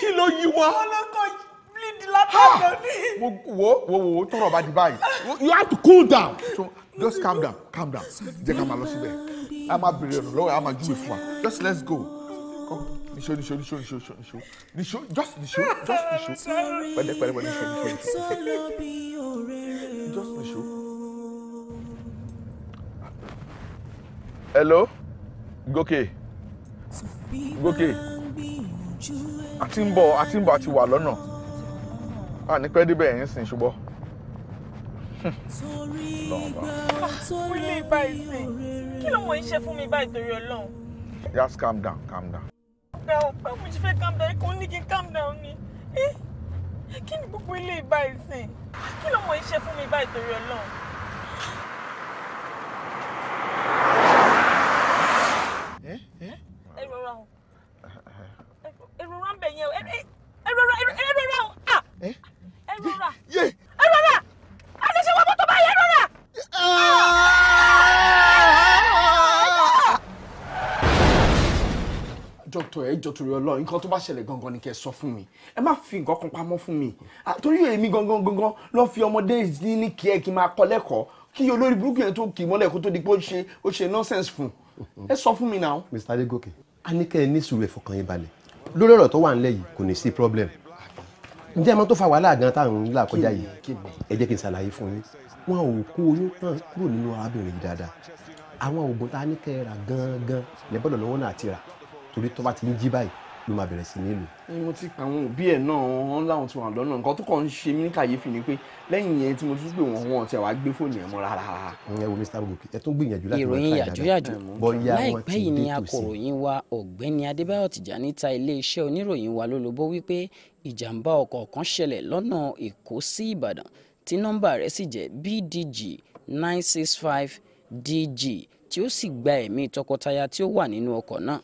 kí ló yíwọ. ọlọ́kọ̀ bleed látàdọ̀ ni. wo wo wo tọrọ bá di báyìí you have to cool down so just calm down calm down jẹ́ ká máa lọ síbẹ̀ a máa bèrè ọ̀nà lọ́wọ́ a máa júwe fún wa just let's go nìṣó Nisho, nisho, nisho, nisho, nisho, nisho. just nisho, just nisho. pẹ̀lẹ́ pẹ̀lẹ́ pẹ̀lẹ́ Nisho, nisho, nisho. just nisho. hello gòkè gòkè a ti ń bọ̀ a ti ń bọ̀ a ti wà lọ́nà a ní pẹ́ débẹ̀ yẹn sìn ṣùgbọ́n. wílé báyìí sí kí ló mọ iṣẹ́ fún mi báyìí torí ọlọ́run. just calm down calm down. ọ̀gá ọ̀pá mo ti fẹ́ calm down kò ní kí n calm down ni kí ni gbogbo ilé báyìí sí kí ló mọ iṣẹ́ fún mi báyìí torí ọlọ́run. Eh, eh? ẹ rọra o ah, ah, ah. ẹ rọra ń bẹ yẹn o ẹ rọra ẹ rọra o eh? ẹ rọra ẹ rọra àṣẹṣe wọ́n mọ́tò báyìí ẹ rọra. dókítà ẹ jọ torí Ọlọ́run nǹkan tó bá ṣẹlẹ̀ gangan ni kẹ́ sọ fún mi ẹ má fi nǹkan kan pamọ́ fún mi torí èmi gangan gangan ló fi ọmọdé ní kí ẹ kí n máa kọ́ lẹ́kọ̀ọ́ kí olórí burúkú yẹn tó kì í mọ́lẹ̀ kó tó di pé ó ṣe ó ṣe nonsense fún un ẹ sọ fún mi náà. Mr. Adégòkè a ní kẹ́ ẹ ní sùúrù ẹ fọkàn yín balẹ̀ lórí ọ̀rọ̀ tó wà ńlẹ̀ yìí kò ní sí problem ǹjẹ́ ẹ mọ̀ tó fa wàhálà gan táwọn ńlá kọjá yìí ẹ jẹ́ kí n ṣàlàyé fún yín wọn ò kó oyún tán kúrò nínú arábìnrin yìí dáadáa àwọn oògùn tá a ní kẹ́ ẹ rà gangan lẹ́bọ̀dọ̀ lọ́wọ́ náà ti rà torí tó bá ti ń jí báyìí ló máa bẹ̀rẹ̀ sí nílò. mo ti pa àwọn òbí ẹ̀ náà wọ́n láwọn ti wà lọ́nà nǹkan tó kàn ń ṣe mí kàyéfì ni pé lẹ́yìn yẹn tí mo tún pè wọ́n wọn ti àwa gbé fóònù ẹ̀ mọ́ rárá. ẹ wo Mr. Gòkè ẹ tún gbìyànjú láti wọ́n ká ìdájọ́ láìpẹ́ yìí ni akọ̀ròyìn wa ọ̀gbẹ́ni Adébáyọ̀ Tìjàní ta iléeṣẹ́ oníròyìn wa lólobó wípé ìjàmbá ọkọ̀ kan ṣẹlẹ̀ lọ́nà Èkó sí Ìbàdàn tí nọ́mbà rẹ̀ sì jẹ́ BDG nine six five DG tí ó sì gba ẹ̀mí tọkọtaya tí ó wà nínú ọkọ̀ náà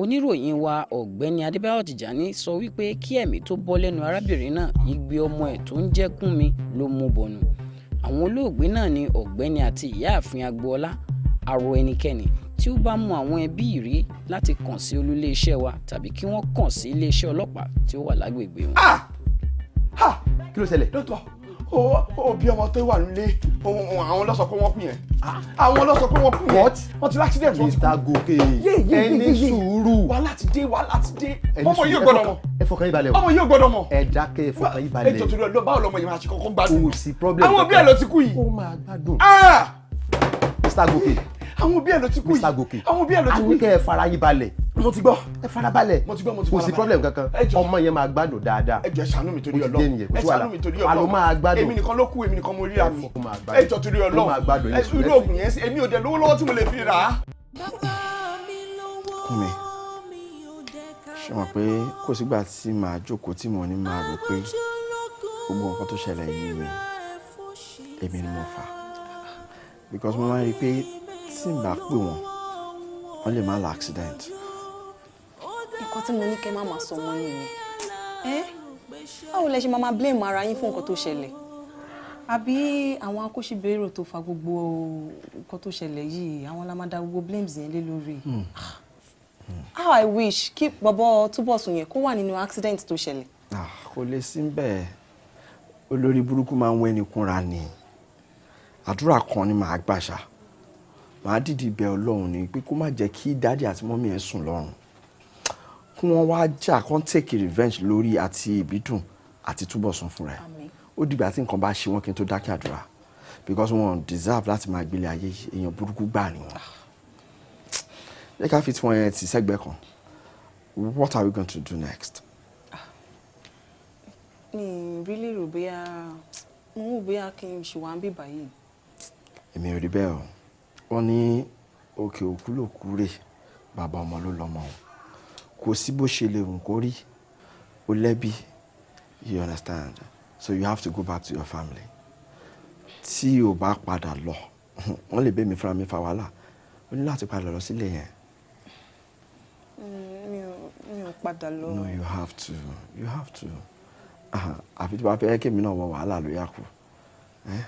oníròyìn wa ọ̀gbẹ́ni adébáyọ̀ tìjàní sọ wípé kí ẹ̀mí tó bọ́ lẹ́nu arábìnrin náà igbe ọmọ ẹ̀ tó ń jẹ́ kúnmi ló mú bọ̀nù àwọn olóògbé náà ni ọ̀gbẹ́ni àti ìyáàfin agboola arọ ẹnikẹ́ni tí ó bá mú àwọn ẹbí rí láti kàn sí olú wa tàbí kí wọ́n kàn sí iléeṣẹ́ ọlọ́pàá tí ó wà lágbègbè wọn. Ah! kí ló ṣẹlẹ̀ dókítà òbí ọmọ tó wà nílé àwọn ló pé wọ́n kú yẹn àwọn ló pé wọ́n kú yẹn. what wọ́n ti accident wọ́n ti kú. mr gòkè ẹni sùúrù. wàhálà ti dé wàhálà ti dé. ọmọ yóò gbọ́dọ̀ mọ̀ ẹfọkàn yìí balẹ̀ o. ọmọ yóò gbọ́dọ̀ mọ̀. ẹ dákẹ́ ẹfọkàn yìí balẹ̀. ètò ìtòlú ọlọ́ba ọlọmọ yìí máa ṣe kọ́kọ́ gbádùn. kò sí problem kankan àwọn òbí ẹ̀ ló ti kú yìí. ó máa gbádùn. Ah! mr gòkè àwọn òbí ẹ̀ ló ti kú yìí àwọn òbí ẹ̀ ló ti kú yìí. àníkẹ́ ẹ fara yín balẹ̀. mo ti gbọ́ ẹ fara balẹ̀ mo ti gbọ́ mo ti fara balẹ̀ kò sí problem kankan ọmọ yẹn máa gbádùn dáadáa. ẹ jọ̀ọ́ ṣàánú mi torí Ọlọ́run ẹ ṣàánú mi torí Ọlọ́run alo máa gbádùn èmi nìkan ló kú èmi nìkan mo rí àmì ẹ jọ̀ọ́ torí Ọlọ́run ẹ irú oògùn yẹn èmi ò dẹ lówó lọ́wọ́ tí mo lè fi rà á. Kúnmi ṣe mọ̀ pé kò sígbà tí màá jókòó tí mo ní máa rò pé gbogbo nǹkan tó ṣẹlẹ̀ yìí mi èmi ni mo fà because mo máa ń rí i pé tí n bá pè wọ́n lè má la accident. nǹkan tí mo ní kẹ́ má máa sọ mọ́ nìyẹn ẹ́ báwo lẹ ṣe máa máa blame ara yín fún nǹkan tó ṣẹlẹ̀ àbí àwọn akóṣebèrò tó fa gbogbo nǹkan tó ṣẹlẹ̀ yìí àwọn la máa da gbogbo blames yẹn lé lórí. Hmm. Ah, how i wish kí bọ́bọ́ túbọ̀sùn yẹn kó wà nínú accident tó ṣẹlẹ̀. Ah, kò lè sí bẹ́ẹ̀ olórí burúkú máa ń wẹ́ni kúnra ni àdúrà kan ni màá gbàṣà màá dìdì bẹ ọlọ́run ni pé kó má jẹ́ kí dáàdì àti mọ́mí ẹ̀ sùn lọ́rùn kí wọ́n wá jà kán take revenge lórí àti ìbídùn àti túbọ̀sùn fúnra ẹ̀ ó dìgbà tí nǹkan bá ṣe wọ́n kí n tó dákẹ́ àdúrà because wọn deserve láti máa gbélé ayé èèyàn burúkú gbà ni wọn jẹ́ ká fi tiwọn yẹn ti sẹ́gbẹ́ kan what are we going to do next. mi really rò bóyá mo ń wò bóyá kí n ṣì wá ń bì báyìí. èmi ò rí bẹ́ẹ̀ o wọ́n ní òkè òkú ló kúrè bàbá ọmọ ló lọ́mọ o kò sí bó ṣe lè wù kó rí o lẹ́bi you understand so you have to go back to your family tí o bá padà lọ wọ́n lè bẹ́ mi fúnra mi fa wàhálà o ní láti padà lọ sílé yẹn. Mm, mi ò mi ò padà lọ. no you have to you have to àfi tí wàá fẹ́ kí èmi náà wọ wàhálà ló yà kú. Eh?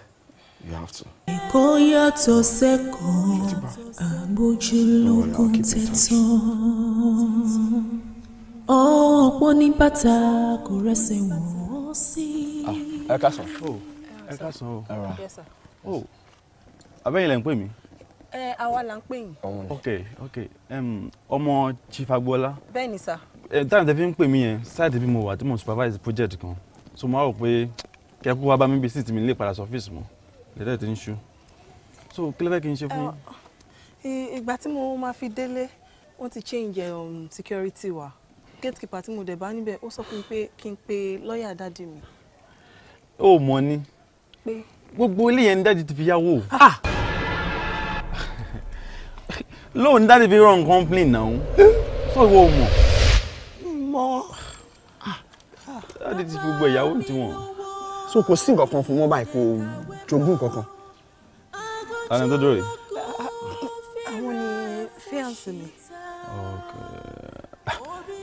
You have to. Kò yàtọ̀ sẹ́kọ̀ọ́, àgbójúlógún tẹ̀tàn. Ọ̀pọ̀ ní bàtà kò rẹsẹ̀ wọ̀n sí. Ah, ẹ ká sàn. Oh, ẹ ká sàn o. Ẹ ra. Oh, abẹ́yìn lẹ̀ ń pè mí. Ẹ àwa là ń pè yín. Ok ok ọmọ um, Chief Agboola. Bẹ́ẹ̀ni sá. Ẹ táyà tẹ fi ń pè mí yẹn sáìtì bí mo wà tí mo supervise project kan. So mo wá rò pé kẹ́kú wá bá mi bí sí mi lè padà sọ́fíìsì mọ́ lẹ́dẹ̀ tí ń ṣú so kí ló fẹ́ kí n ṣe fún yín. ìgbà tí mo máa fi délé wọ́n ti change um, security wa gatekeeper tí mo dẹ̀ bá níbẹ̀ ó sọ fún mi pé kí n pe lọ́ọ̀yà dáàdì mi. ó mọ ni gbogbo ilé yẹn ni dáàdì ti fi yáwó ah! Ah! lóun dáàdì fi rán complain náà so ìwọ ò mọ. mọ. dáàdì ti fi gbogbo ìyàwó tiwọn so kò sí nǹkan kan fún wọn báyìí kò jogún nǹkan kan. ta ni tó dúró yìí. àwọn ni fíànsì mi.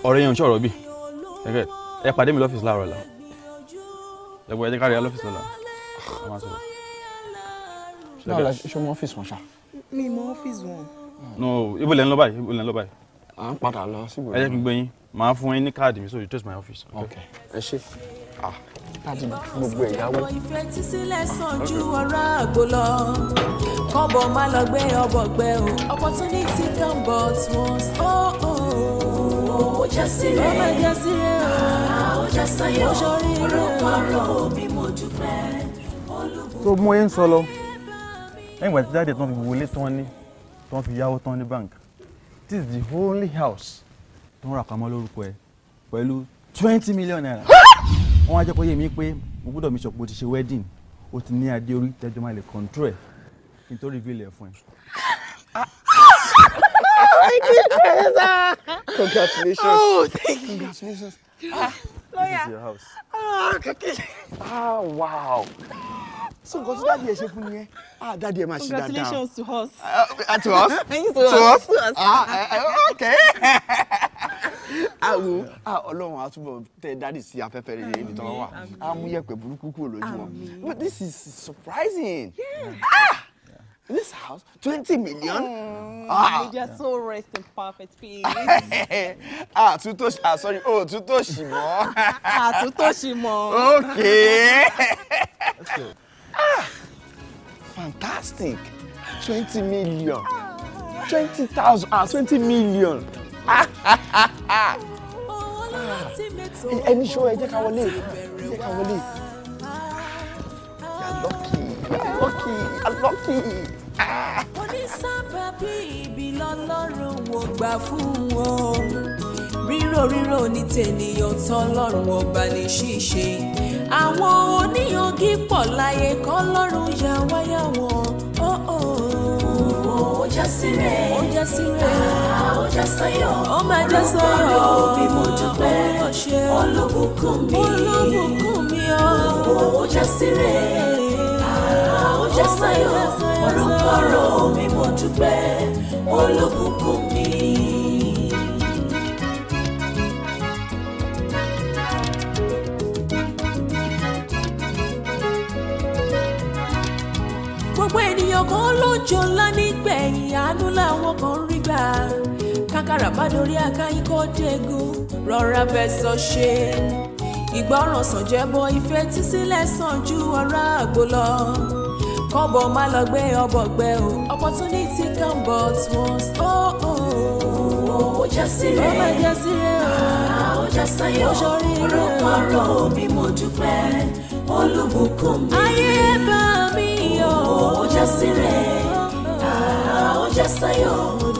ọ̀rẹ́ yẹn ò ń ṣọ̀rọ̀ bí ẹ pàdé mi lọ́fíìsì láàárọ̀ la ẹ̀gbọ́n ẹ jẹ́ ká rí ẹ lọ́fíìsì lọ́la ẹ máa sọ̀rọ̀. ṣé o mọ ọ́fíìsì wọn ṣá. mi mọ ọ́fíìsì wọn. no ibo lẹ ń lọ báyìí ibo lẹ ń lọ báyìí. à ń padà lọ síbò. ẹ jẹ́ kí n gbé yín màá fún yín ní káàdì mi so you trace my office. ok ẹ ṣe dádì mi. gbogbo ìyàwó. ọ̀rọ̀ ìfẹ́ tí sílẹ̀ sàn ju ọ̀rọ̀ àgbo lọ kọ́bọ̀ má lọ gbé ọbọ̀ gbẹ o opportunity come but once. Oh, oh. ó jẹ́ síre ó máa jẹ́ síre ó jẹ́ sáyọ̀ orúkọ rẹ̀ òbí mo dúpẹ́ olùkọ́. tó mú eyín sọ lọ ẹ̀yìn ìgbà tí dáàdì tán fi wọlé tán ní tán fi yáwó tán ní bank this is the only house tó ń rà pamọ́ lórúkọ ẹ pẹ̀lú twenty million naira. wọ́n wá jẹ́ kó yé mi pé mo gbọ́dọ̀ mi sọ̀pọ̀ ti ṣe wedding o ti ní adé orí tẹ́jọ́ máa lè control ẹ̀ kí n tó reveal ẹ̀ fún ẹ. Congratulations. Oh, thank you. Congratulations. Ah lawyer this is your house. ah kékeré. ah wow so nǹkan tí dáàdi ẹ ṣe fún nìyẹn ah dáàdi ẹ máa ṣe dáadáa congratulations to us. Uh, to us to us to us ah uh, okay. àwò ah, ah, ọlọ́run á túbọ̀ tẹ dáàdi sí afẹ́fẹ́ rere ibi tọ́wọ́ wà á mú yẹ̀pẹ̀ burúkú kúrò lójú wọn but this is surprising. Yeah. Ah! this house twenty million. Mm, ah. you just so rest in perfect peace. àtúntòṣì ah, ah sorry Oh, o òtúntòṣì mọ́. àtúntòṣì ah, mo. okay. ah fantastic twenty million twenty thousand ah twenty million. Ah. ẹni ṣó ẹ jẹ́ ká wọlé ẹ jẹ́ ká wọlé. lọ́kì. onísábàbí ibi lọ́lọ́run wò gbà fún wọn rírò rírò ní tènìyàn tán lọ́rùn ọba ní ṣíṣe àwọn oníyangi pọ̀ láyé kọ́ lọ́rùn yà wáyà wọn. ó já síre ó já síre ah, ó já sáyọ̀ ó má já sáyọ̀ mo dúpẹ́ olùbùkún mi ó já síre. Jésàyọ̀ orúkọ rọ mi mo dúpẹ́ olùbùkún mi. gbogbo ènìyàn kan lójó ńlá nígbẹ̀yìn àánú làwọn kan rí gbà kàkàrà bá dorí akáyíkọ́ dégún rọra fẹsọ̀ ṣe ìgbọràn sàn jẹ́bọ ìfetísílẹ̀ sàn ju ọ̀rá àgbò lọ kọ́bọ̀ má lọ gbé ọbọ̀ gbẹ o opportunity come but once. Oh, oh. ó já síre ó má já síre ó já sáyọ orúkọ rọ mi mo dúpẹ́ olùbùkún mi ayé bá mi yọ ó já síre ó já sáyọ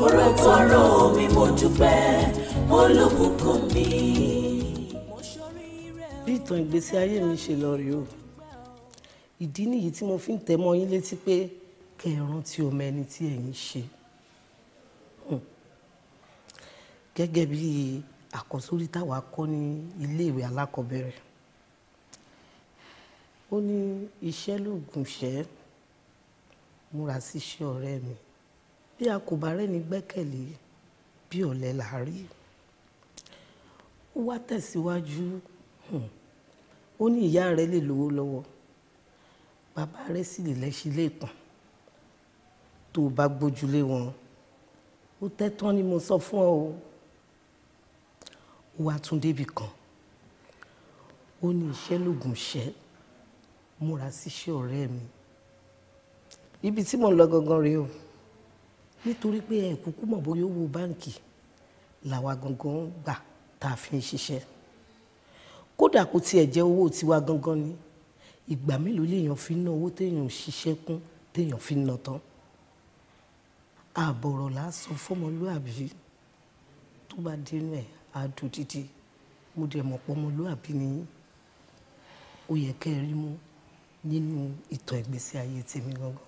orúkọ rọ mi mo dúpẹ́ olùbùkún mi. bí ìtàn ìgbésí ayé mi ṣe lọ rèé o ìdí nìyí tí mo fi ń tẹ̀ mọ́ yín létí pé kẹ́ ẹ rántí ọmọ ẹni tí ẹ̀yin ṣe hmm. gẹ́gẹ́ bí àkọ́sórí táwa kọ́ ní iléèwé alákọ̀ọ́bẹ̀rẹ̀ ó ní iṣẹ́ lóògùn ṣẹ́ múra síṣẹ́ ọ̀rẹ́ mi bí a kò bá rẹ́ni gbẹ́kẹ̀lé bí ọ̀lẹ là ó wá tẹ̀síwájú hmm. ó ní ìyá rẹ̀ lè lówó lọ́wọ́ bàbá rẹ̀ sì lè lẹ́sí ilé ìtàn tó o bá gbójúlé wọn ó tẹ́tán ni mo sọ fún ọ o ó wá tún débi kan ó ní iṣẹ́ lóògùn iṣẹ́ múra síṣẹ́ ọ̀rẹ́ mi ibi tí mò ń lọ gangan rèé o nítorí pé ẹ kúkú mọ̀ bóyá owó báǹkì làwa gangan gbà tá a fi ń ṣiṣẹ́ kódà kò tiẹ̀ jẹ́ owó tiwa gangan ni ìgbà mélòó lèèyàn fi ná owó téèyàn ṣiṣẹ́ kún téèyàn fi ná tán àbọ̀rọ̀ lásán fọmọlúàbí tó bá dénú ẹ̀ á dùn títí mo dẹ̀ mọ̀ pọ̀ ọmọlúàbí ni ó yẹ kẹ́ mú nínú ìtàn ìgbésí ayé tèmi gangan.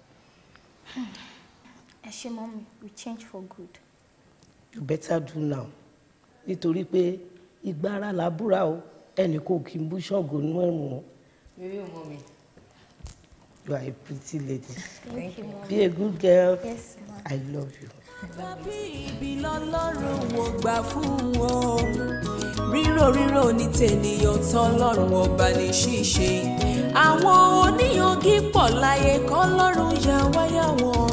ẹ ṣe mọ́ mi we change for good. you better do now nítorí pé ìgbára làbúrà o ẹnì kò kí n bú ṣọ́ọ̀gù nínú ẹ̀wọ̀n Baby, mommy. You are a pretty lady. Thank you, Be a good girl. Yes, ma'am. I love you. Bàbí lọ́lọ́run wo gbà fún o. Rírò rírò ní tènìyàn tán lọ́rùn ọba ní ṣíṣe. Àwọn oníyangi pọ̀ láyé kọ́ lọ́rùn yà wáyà wọn.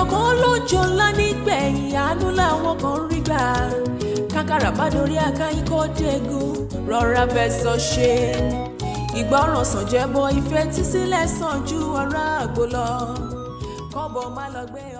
èèyàn kan lójó ńlá nígbẹ̀yìn àánú làwọn kan rí gbà kákàrà bá dorí akáyíkọ́ dégún rọra fẹsọ̀ ṣe ìgbọràn sàn jẹ́bọ ìfẹ́ tí sílẹ̀ sàn ju ọ̀rá àgbò lọ kọ́bọ̀ má lọ gbé ọ.